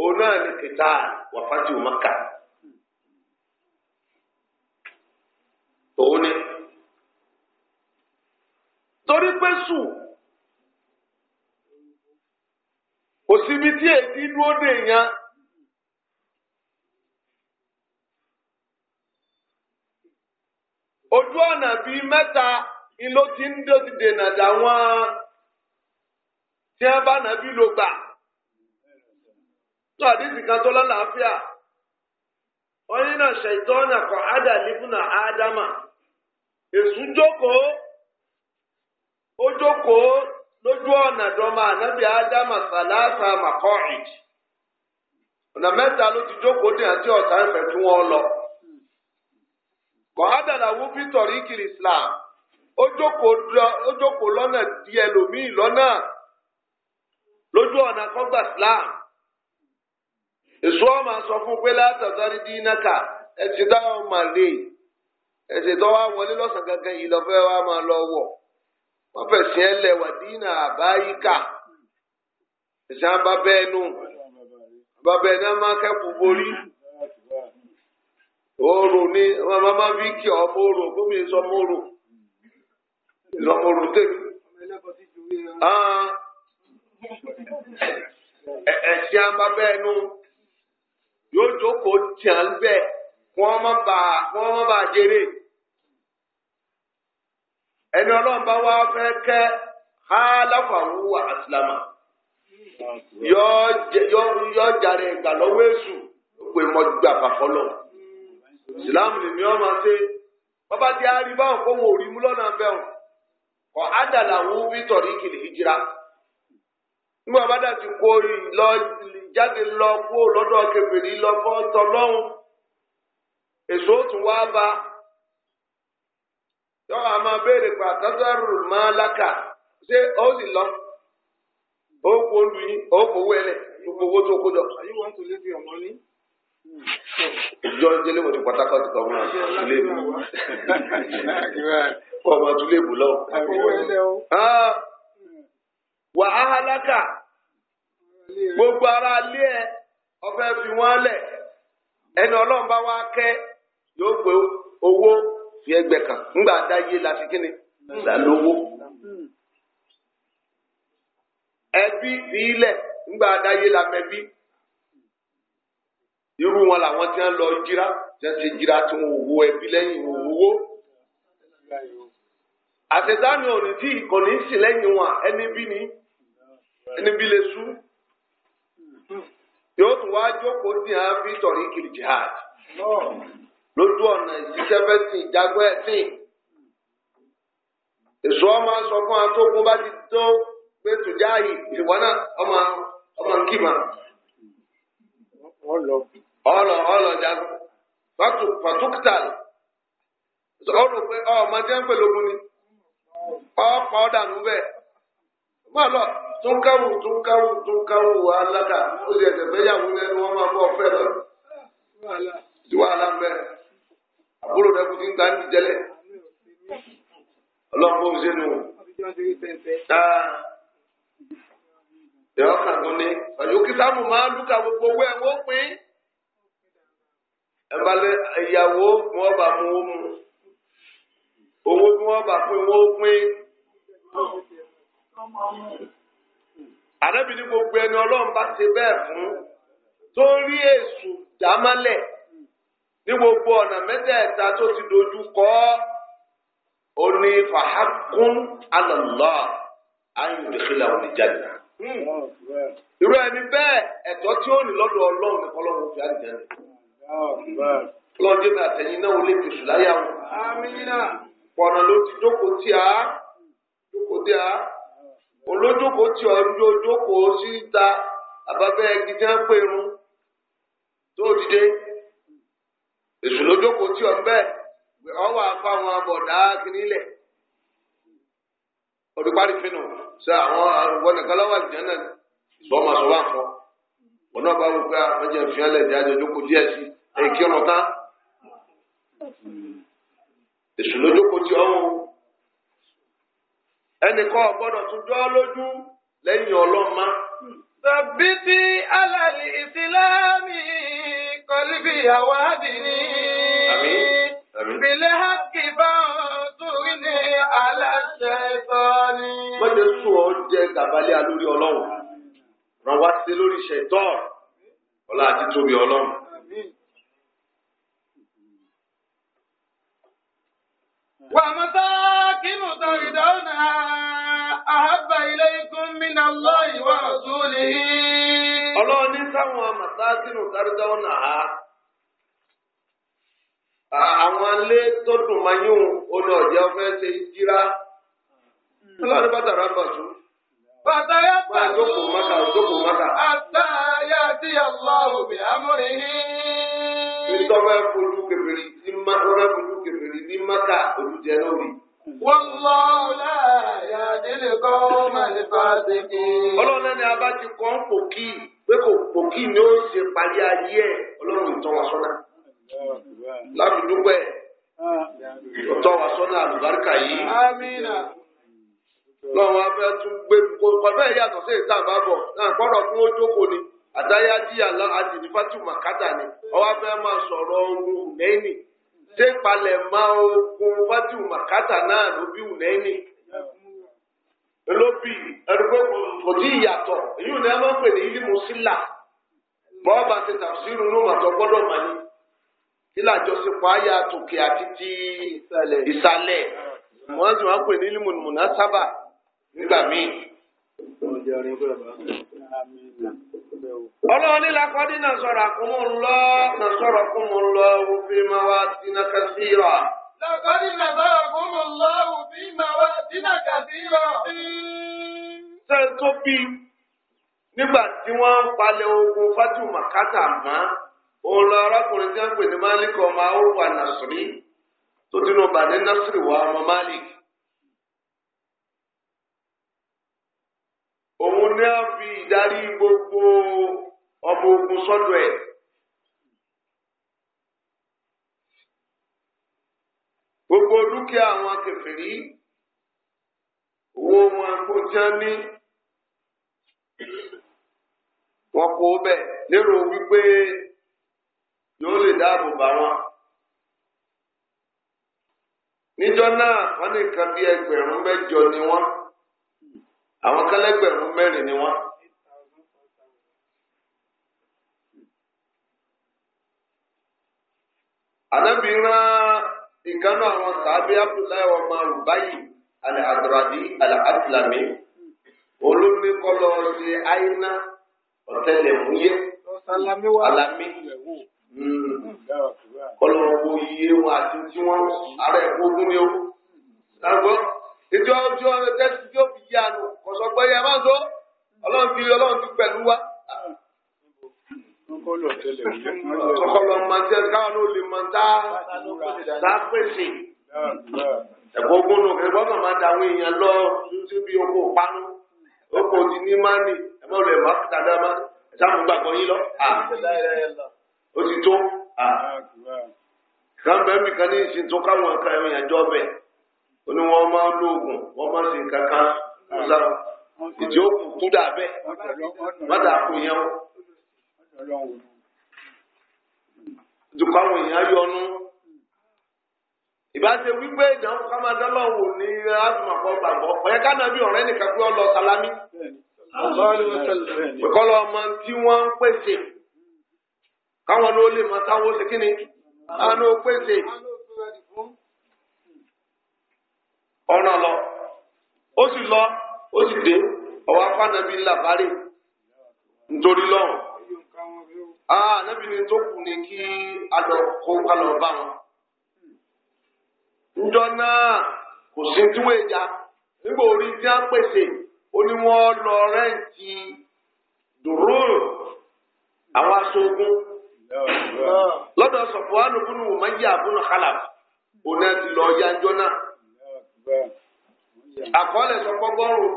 òun náà ni kìtà wàfájì òmàkà. torí pé sùn kò síbi tí èdè dúró dè àti mẹ́ta ló ti ń dènà dà wọ́n tí wọ́n bá nàbí ló gbà. tó àdìsí kan tó lálàáfíà ọyìn náà ṣètò ọ̀nà kan ádà níbùnà ádámà èṣù jókòó ó jókòó lójú ọ̀nà dọ́mà ànábì ádámà sàlásà ọ̀nà mẹ́ta ló ti jókòó tí kọ̀hádàlà wú fítọ̀rí kiri islam ó jókòó lọ́nà di ẹlòmíì lọ́nà lójú ọ̀nà kọ́gbà islam èso ọmọ sọ fún pé látàzárí dínàkà ẹsìn táwọn máa lè ẹsìn tó wá wọlé lọ́sàn gangan yìí lọ́fẹ́ wa máa lọ wọ̀ wọ́n fẹ̀ sí ẹlẹ̀ wà dínà àbáyíkà ẹ̀sìn ababẹ́ẹ̀nu ababẹ́ẹ̀nu máa borí oòrùn ni màmá máa fi kí ọ mòrò gómìn sọ mòrò lọ mòrò tèmi. Ah. ẹ̀sìn abábẹ́ ẹnu yóò jókòó tìǹà bẹ́ẹ̀ kí wọ́n má bàa jèrè ẹni ọlọ́run bá wá fẹ́ kẹ́ ha láfàwù àsìlámà yọ jàre ìgbà lọ́wọ́ èṣù pé mo gbà pàfọ́lọ́ ìsìláàmù lèmi ọmọ ṣe bàbá tí a rí báwọn kó ò rí mú lọ́nà bẹ́ẹ̀ kọ ádàlà wọn tọ̀rí kìlì hijira nígbà bá dà ti kó lọ jáde lọ kó lọ́dọ̀ kẹfìrí lọ fọ́ tọ́lọ́hún èso tún wá bá yọ àmọ́ béèrè pé àtàtàrù máa lákà ṣé ó sì lọ ó kó lu ó kó wẹ́lẹ̀ gbogbo owó tó kó jọ. Are you want to leave your money? jọjẹlẹ wo ni Port Harcourt kọ ọmọ ọmọ lọ. Ah, wà á halaka gbogbo ara alẹ́ ẹ ọfẹ́ fi wọ́n lẹ̀ ẹni ọlọ́run bá wá kẹ́ yóò pé owó fi kan ńgbà dáyé la fi kíni là lówó ẹbí fi ńgbà dáyé la irú wọn làwọn tí wọn lọ jíra tí wọn ti jíra tí wọn wo ẹbí lẹ́yìn wọn owó àtẹ̀dánù òní tí kò ní sí lẹ́yìn wọn ẹni bí ni ẹni bí lè sú yóò tún wá jókòó ní àfi tọ̀rí kiri jihad lójú ọ̀nà ìṣiṣẹ́ fẹ́sìn ìjágbọ́ ẹ̀sìn èso ọmọ sọ fún wa tó kún bá ti tó pé tùjá yìí ìwọ náà ọmọ ọmọ nkìmá. ọlọ all ọjà fọtúkítàlì ó rò pé ọmọ jẹ́ ń pè lógun ni ọ̀pọ̀ ọ̀dànù bẹ́ẹ̀ máa lọ túnkáwù túnkáwù túnkáwù alága ó sì ẹ̀sẹ̀ fẹ́ yàwó lẹ́nu wọn ma bọ́ ọ̀fẹ́ lọ ìwà alámbẹ́ àbúrò rẹ kò ti ń ní jẹlẹ sáàmù máa lùkà gbogbo owó ẹ̀ wọ́n pín. ẹ̀bálẹ̀ ìyàwó wọn bá mú owó mu owó tí wọn bá pín wọn ó pín. àrẹ́bí ní gbogbo ẹni ọlọ́run bá ṣe bẹ́ẹ̀ fún tó rí èṣù dámálẹ̀ ní gbogbo ọ̀nà mẹ́tẹ̀ẹ̀ta tó ti dojú kọ ó ní fàákún alàlọ́ ayọ̀dẹ̀kẹ́lẹ́ àwọn ìjàdìrà. irú ẹni bẹ́ẹ̀ ẹ̀tọ́ tí ó ní lọ́dọ̀ ọlọ́run ní kọ́lọ́run fi àjẹjẹrẹ. lọ́jọ́ náà tẹ̀yìn náà ó lè fi sùn láyà wọn. pọ̀nà ló ti jókòó tí a jókòó tí a olójókòó tí ọjọ́ jókòó sí ta àbábẹ́ ẹgbẹ́ tí wọ́n pè tó dìde èsù lójókòó tí ọ ọwọ́ apá àwọn abọ̀dá kìnìlẹ̀ ọdún parí fínú àwọn lọ́wọ́ àjẹ́ náà sọ wá fún ọ. wọn náà bá wù pé àmọ́jẹ́ ìfihànlẹ̀ ìdí àjọjọ́ kò díẹ̀ sí ẹ̀yìn kí ọ̀nà tán èṣù lójókòó ti ọ̀hún ẹnìkan gbọ́dọ̀ tún jọ́ lójú lẹ́yìn ọlọ́mà. sọ̀bítì alàlì ìsìlámì kọ́líbì àwádì ni. bìlẹ̀ hákì bá torí ní aláṣẹ sọ ni. wọ́n ti sùn ọ́ jẹ gàbálẹ́ alórí ọlọ́run. ràn wá sí lórí ṣẹ̀tọ́n ọlọ àti tóbi ọlọ́run. wàmọ́tá kínú sọ̀rọ̀ ìdáhùn náà ilé ikú mìíràn lọ ìwà òṣùlì. ọlọ́run ní sáwọn àmọ̀tá kínú sọ̀rọ̀ ìdáhùn náà àwọn alé tó dùn máa Àjókòó mọ́ta, àjókòó mọ́ta. Àtàyà tí Allahu obi amrihi. Ìtọ́fẹ́ ní Mákà, fojú kèfèrè ní Mákà, olùjẹ́ náà rí. la yahdil pòkì pé kò pòkì ni ó ṣe parí ayé ẹ̀ ọlọ́run lọ́wọ́ afẹ́ tún gbé kọ́ bẹ́ẹ̀ yàtọ̀ sí ìta àbábọ̀ náà gbọ́dọ̀ fún ojókòó ni àdáyájí àlá àdìní fátìmù ni ọwọ́ afẹ́ máa sọ̀rọ̀ ohun ùnẹ́ẹ̀nì ṣé palẹ̀ máa ogun fátìmù àkátà náà ló bí ùnẹ́ẹ̀nì ló bí kò tí ì yàtọ̀ èyí ò a máa ń pè ní ìlímù sílà bọ́ọ̀bà ti tàfsírù ní òmàtọ̀ gbọ́dọ̀ mà ní sílà jọ́sìpọ̀ ayé àti ti ìsàlẹ̀ wọ́n máa ń pè ní ìlímù nígbà míì. ọlọ́run ní lakọ́dí náà sọ̀rọ̀ àkúmọ̀ ńlọ náà sọ̀rọ̀ àkúmọ̀ ńlọ òfin máa wá sínú kásírà. lakọ́dí náà sọ̀rọ̀ àkúmọ̀ ńlọ òfin máa wá sínú kásírà. ṣé tó bí nígbà tí wọ́n ń palẹ̀ ogun Fatima kátà mọ́ òun lọ arákùnrin tí wọ́n pè ní Malik ọmọ awúwà Nasiri tó dínú bàdé Nasiri wà ọmọ Malik. òun ni a fi ìdarí gbogbo ọmọ ogun sọ́dọ̀ ẹ̀. gbogbo dúkìá àwọn kẹfìrí owó wọn kó jẹ́ ní wọn kò bẹ̀ lérò wípé yóò lè dáàbò bá wọn. níjọ́ náà wọ́n nìkan bí ẹgbẹ̀rún mẹ́jọ ni wọ́n. àwọn kẹlẹgbẹ̀rún mẹ́rin ni wọ́n. Ànábì rán ìkánná àwọn sàábí Abdullahi wa máa rù báyìí alẹ́ àdúràbí alẹ́ àtìlámì olómi kọlọ ṣe àyínà ọ̀tẹlẹ̀múyẹ́ alámi kọlọ owó iye wọn àti tí wọn ara ẹ̀kọ́ gún ni ó ìjọ ojú ọ̀rọ̀ tẹ́sí tí ó fi yí àná kọ̀sọ̀ pé ẹ máa ń sọ ọlọ́run fi ọlọ́run ti pẹ̀lú wa. ọkọlọ mọ̀tẹ́ káwọn ló lè mọ̀ tá a pèsè. ẹ̀kọ́ gbóná ẹ̀kọ́ kan máa da àwọn èèyàn lọ síbi oko panu oko ti ní mánì ẹ̀mọ́ lè má kúta dáná ẹ̀sán gbàgbọ́ yín lọ. ó ti tó. kan bẹ́ẹ̀ mi kan ní ìsìn tó káwọn ẹ̀ka ẹ̀yìn àjọ bẹ́ẹ̀ ó ní wọ́n máa ń lóògùn wọ́n máa ń ṣe kankan ó sára ìdí òkú kú dà bẹ́ẹ̀ má dà kú yẹn o. dùkọ́ àwọn èèyàn yọnu ìbáṣe wípé ìdáhùn ká máa dánlọ́ wò ní asùnmọ̀pọ̀ gbàgbọ́ ọ̀yẹ́ ká nàbí ọ̀rẹ́ nìkan pé ó lọ sálámí. ìkọlọ ọmọ tí wọ́n ń pèsè káwọn ló lè mọ táwọn ó ṣe kí ni àwọn ó pèsè. ọ̀nà lọ ó sì lọ ó sì dé ọwọ́ afánàbí ńlá parí nítorí lọ́rùn ànábì tó kù ní kí alọ bá wọn njọ náà kò sí tí wọn nígbà orí tí wọn pèsè ó ní wọn lọ rẹǹtì dùrú àwọn aṣogun lọ́dọ̀ ànúkúnú wò má yí àbúrò àkọọ́lẹ̀ sọ gbọ́gbọ́rùn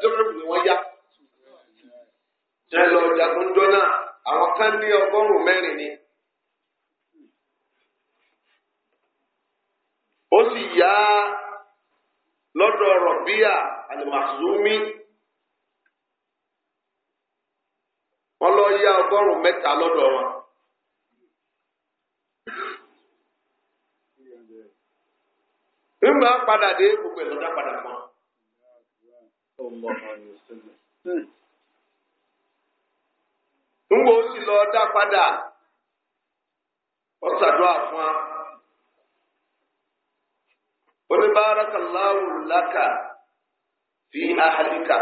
dọ́lọ́rù ni wọ́n yá ẹ lọ ọjà tó ń jọ náà àwọn kan ní ọgọ́rùn mẹ́rin ni ó sì yá lọ́dọ̀ rọ̀bíà àlùmàṣúmí wọ́n lọ yá ọgọ́rùn mẹ́ta lọ́dọ̀ wọn. ńgbà padà dé gbogbo ẹ̀ lọ́dá padà mọ́. ńgbà ó sì lọ dá padà ọ̀sàdúrà fún wa. oníbàáràkàláwù làkà fi àhàlíkà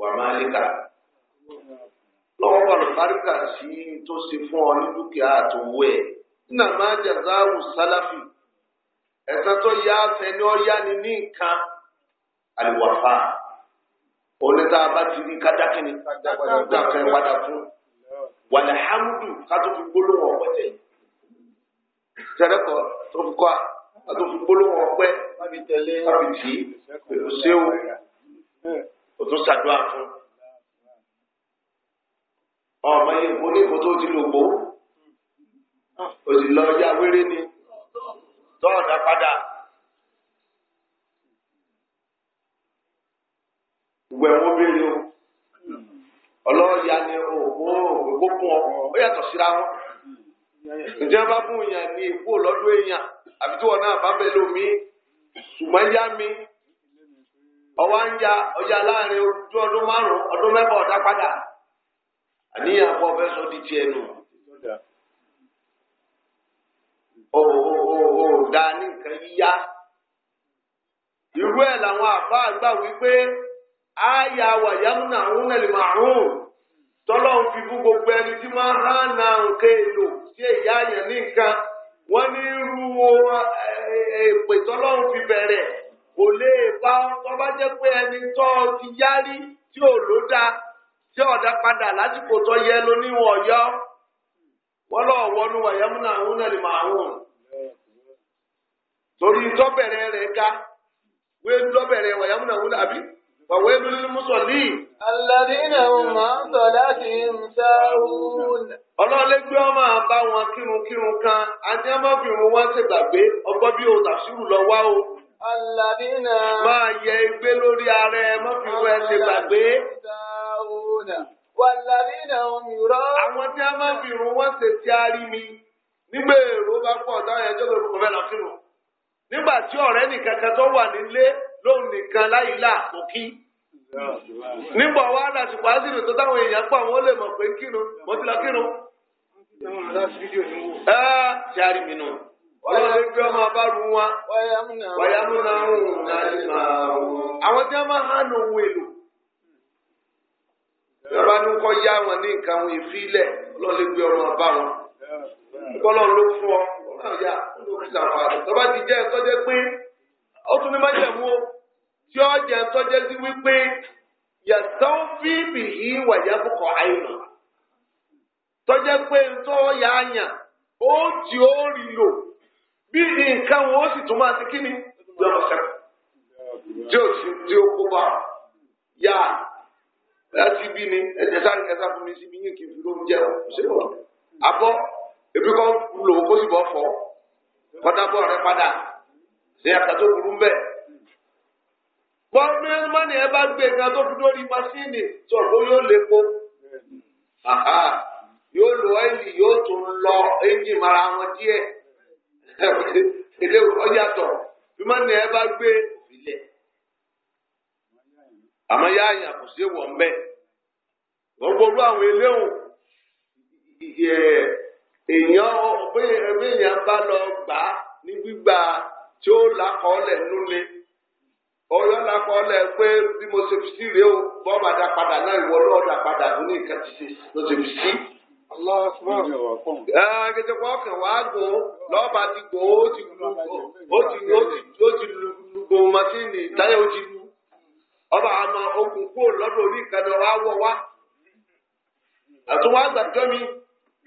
wà máa líkà. lọ́wọ́ wà lọ́bàríkà sí tó ṣe fún ọ ní dúkìá àtòwú ẹ̀. nínú àmà jàzáwù sálàfì ẹ̀sán tó yá sẹ́ni ọ̀yá ni ní nǹkan àlùwàfà oníta bá ti rí kájákìnì dákẹ́ padà fún wàlàhámùdù kátó fi gbólóhùn ọ̀pẹ tẹ̀ tẹ̀lẹ́kọ̀ tó fi kọ́ kátó fi gbólóhùn ọ̀pẹ kábi pẹ̀lú séwò òtún ṣàdúrà fún ọmọ yìí oníkòtò ti lò gbó òsì lọ yá wéré ni. tọ́nà dá padà. Gbogbo ẹ̀wọ̀n béèrè o. ya ni òògùn òògùn kún ó yàtọ̀ síra wọn. Ǹjẹ́ bá fún èèyàn ní ikú lọ́dún èèyàn àbí tí wọn náà mi ọwọ́ ń ya ọjà láàrin ojú ọdún márùn-ún ọdún o o dá ní nǹkan yíyá irú ẹ̀ làwọn àgbà wípé àyà wàyámúnà àwọn nàlẹ màrún tọ́lọ́ ń fi fún gbogbo ẹni tí máa ń hàn náà nǹkan èlò sí ìyá yẹn ní nǹkan wọ́n ní irú èpè tọ́lọ́ ń fi bẹ̀rẹ̀ kò lè bá ọ bá jẹ́ pé tí ò ló lásìkò yẹ yọ wọ́n lọ́ọ̀ wọnú torí lọ́bẹ̀rẹ̀ rẹ̀ ká wéé lọ́bẹ̀rẹ̀ wà yàmúnà wúlò àbí wàwé lulú mùsọ̀lì. alladhina hum an salatihim sahun. ọlọ́lẹ́gbẹ́ ọmọ àbá wọn kírunkírun kan àti ọmọbìnrin wọn ti gbàgbé ọgbọ́n bí o lọ wá o. alladhina. máa yẹ igbe lórí ara ẹ mọ́fìwọ́ ẹ ti gbàgbé. walladhina hum yura. àwọn tí ọmọbìnrin wọn ti ti arí mi nígbà èrò bá pọ̀ táwọn ẹjọ́ bẹ̀rù kọ́ kírun. nígbà tí ọ̀rẹ́ nìkan kan tó wà nílé lóun nìkan láyé là kò kí nígbà wa lásìkò àṣírí tó táwọn èèyàn pa àwọn ó lè mọ̀ pé kírun mo ti lọ kírun. ọlọ́run gbé ọmọ náà máa wọ. àwọn tí wọn máa hàn ohun èlò ìjọba yá wọn gbé ọmọ wọn. ló fún ọ lórí ìlànà rẹ̀ tó pé o tí ó jẹ́ ẹ̀tọ́ sí wípé yàtọ̀ fíìmì yìí wàyà bùkọ̀ àìmọ̀ pé tó yà á yàn ó tí ó rí lò bí nǹkan wọn ó sì tún máa ti kí ni lọ́wọ́ sẹ́kù tí ó sì tí ó kó bá yà láti bí ni ẹ̀jẹ̀ sáré kẹta fún mi síbi yín kì í fi ṣé wọ́n abọ́ ebi lò ó kó kọ́dábọ̀ rẹ padà ṣe àtàtó burú bẹ́ẹ̀. bọ́ọ̀mù mọ́nì ẹ bá gbé nǹkan tó fi lórí masíìnì sọ̀rọ̀ yóò lè po yóò lo ẹ́lì yóò tún lọ ẹ́ńjì mara wọn díẹ̀ èdè *laughs* ọjàtọ̀ bí mọ́nì ẹ bá gbé ìlẹ̀ àmọ́ yá àyàn kò sí wọ̀ mbẹ́ gbogbo àwọn eléwọ̀n. èèyàn béèyàn bá lọ gbà á ní gbígbà tí ó lakọọlẹ̀ núlé ọyọ́ lakọọlẹ̀ pé bí mo ṣe fi sí rèé o bọ́ dá padà náà ìwọ lọ́ọ́ dá padà nínú nǹkan ti ṣe ló ṣe fi sí. Gẹ́gẹ́ bọ́ kàn wá gùn lọ́ọ̀bà ti gùn ó ti táyà ó ti ọba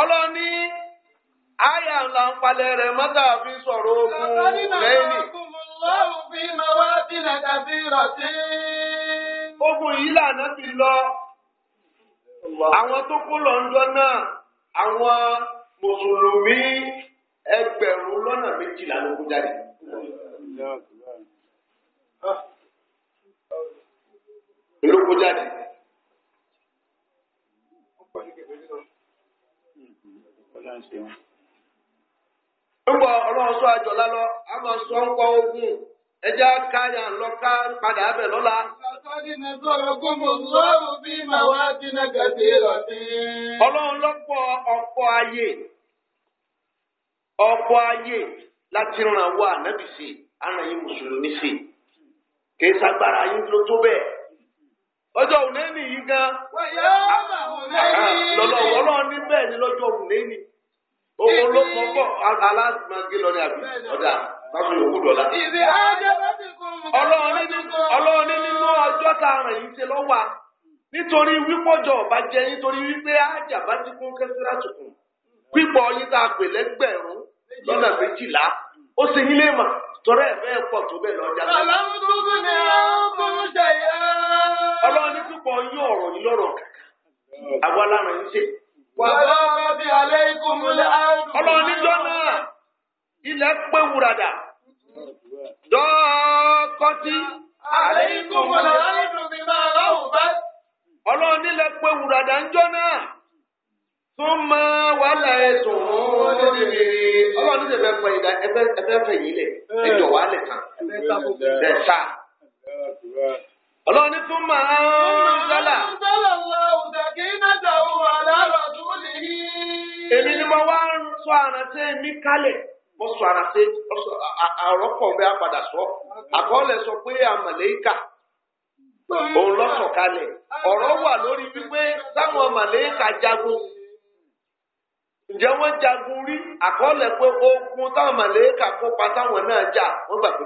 ọlọ́ni àyà ńlá ń palẹ̀ rẹ̀ mọ́tà fi sọ̀rọ̀ ogun lẹ́yìn. ogun yìí lànà ti lọ àwọn tó kó lọ́njọ́ náà àwọn mùsùlùmí ẹgbẹ̀rún lọ́nà méjìlá ló jáde. ló kó jáde. mgbọ ọlọ́sọ àjọlá lọ àmọ́ sọ ń kọ́ ogun ẹja káyà lọ́ka padà abẹ lọ́la. àtọ́dínà sọ̀rọ̀ gómò lọ́rùn bí màwá dínà ọlọ́run ọ̀pọ̀ ayé ọ̀pọ̀ ayé láti ràn wá ànábì sí mùsùlùmí sí kì í ló tó ọjọ́ òun lé nìyí gan. wọ́n yóò máa wọ̀ lẹ́yìn. lọ́lọ́ ní bẹ́ẹ̀ ni lọ́jọ́ òun lé nìyí. Owó ló mọ bọ̀ aláàgbé lọ ní àbí ọ̀dà nínú ọjọ́ tá yìí ṣe lọ́wọ́ Nítorí wípọ́jọ ọ̀bá jẹ nítorí wípé ájàbá ti kún kẹ́sìrà tùkùn. Pípọ̀ yín tá a pè lẹ́gbẹ̀rún lọ́nà méjìlá. Ó ṣe nílé mà tọrẹ bẹ́ẹ̀ pọ̀ tó bẹ́ẹ̀ lọ́jà. Ọlọ́run kàkà. Àwa lára yín Ọlọ́run níjọ́ náà ilẹ̀ pé wùràdà. Dọ́ọ̀kọ́tí. Ọlọ́run nílẹ̀ pé wùràdà ń jọ́ náà. Tún máa wàhálà ẹ̀sùn lóbìnrin. Ọlọ́run nílẹ̀ fẹ́ pẹ́ ìdá ẹgbẹ́ fẹ́ yìí lẹ̀. Ẹjọ̀ wà lẹ̀ kan. Ẹ̀ sá. Ọlọ́run ní tún máa ń sálà. Tún máa ń sálà lọ́wọ́ ìdàgé náà dáwọ́. èmi ni mo wá ń sọ àrántí mi kálẹ̀ mo sọ padà sọ àkọọ́lẹ̀ sọ pé àmàlẹ́kà òun kalẹ̀ ọ̀rọ̀ wà lórí wípé jagun ǹjẹ́ wọ́n jagun rí àkọọ́lẹ̀ pé ogun táwọn kópa táwọn náà jà wọ́n gbà pé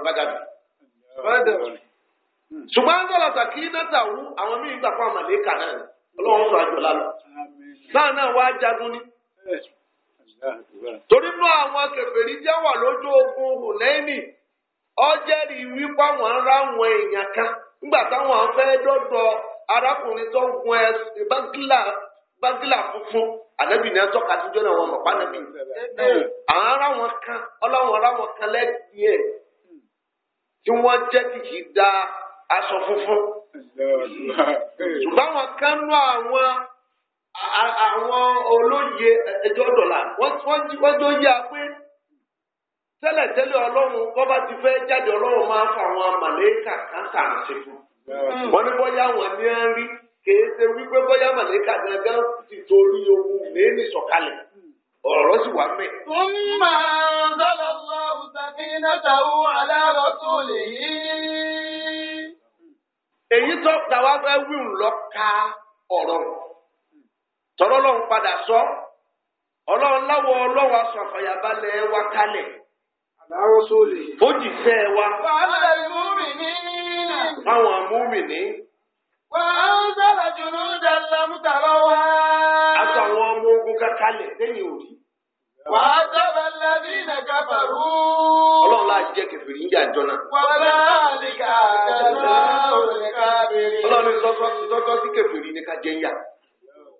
ṣùgbọ́n náà àwọn míì gbà fún àmàlẹ́kà náà ọlọ́run sọ àjọ lálọ́. náà náà wá jagun torí nú àwọn kèfèrí jẹ́ wà lójú ogun hùnẹ́ẹ̀nì ọjẹ́rìí wípé àwọn ará àwọn èèyàn kan nígbà táwọn fẹ́ dọ́dọ̀ arákùnrin tó gun ẹ bágílà bágílà funfun ànábì ní ẹtọ́ kàtúndọ́ náà wọn mọ̀ pa ànábì. àwọn ará wọn kan ọlọ́wọ́n ará wọn kan lẹ́gbẹ̀ẹ́ tí wọ́n jẹ́ kìkì da aṣọ funfun. ṣùgbọ́n àwọn kan nú àwọn. àwọn olóye ẹjọ́ dọ̀là wọ́n jọ yá pé tẹ́lẹ̀tẹ́lẹ̀ ọlọ́run bọ́ba ti fẹ́ jáde ọlọ́run máa fa àwọn màlẹ́kà káńtà ṣe fún hmm. wọn ní bọ́yá wọn ní á rí kèé ṣe wípé bọ́yá màlẹ́kà gangan ti torí ogun lẹ́ẹ̀ni sọ̀kalẹ̀ ọ̀rọ̀ sì wà mẹ́. wọ́n máa ń dọ́lọ̀ lọ́wọ́ sakinatahu ala rasulihi. èyí tó tàwa fẹ́ wíwùn lọ ka ọ̀rọ̀ tọ́rọ́ lọ́hùn padà sọ ọlọ́run láwọ ọlọ́run aṣọ wa kalẹ̀. àdáwọ̀ sóòlì. wa. wàhálà ìmúmi ní. báwọn amúmi ní. wà á sọ̀rọ̀ jùlọ dàlá mútàrọ̀ wá. àtàwọn ọmọ ogun kankanlẹ̀ lẹ́yìn òdì. wà á wàhálà sí kẹfìrí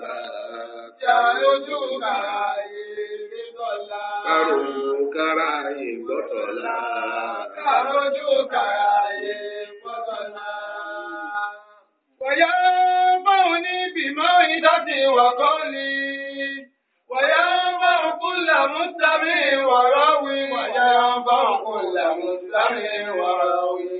dọ̀la. Jàre ojú kàrà èrè dọ̀la. Karùn-ún kàrà ègbọ́dọ̀la. Kàrà ojú kàrà ègbọ́dọ̀la. Wọ̀yá báwọn ní bímọ ìdájì wàkọ́ ni. Wọ̀yá báwọn kúlà mú sábẹ́ wọ̀rọ̀ wí. Wọ̀yá báwọn kúlà mú sábẹ́ wọ̀rọ̀ wí.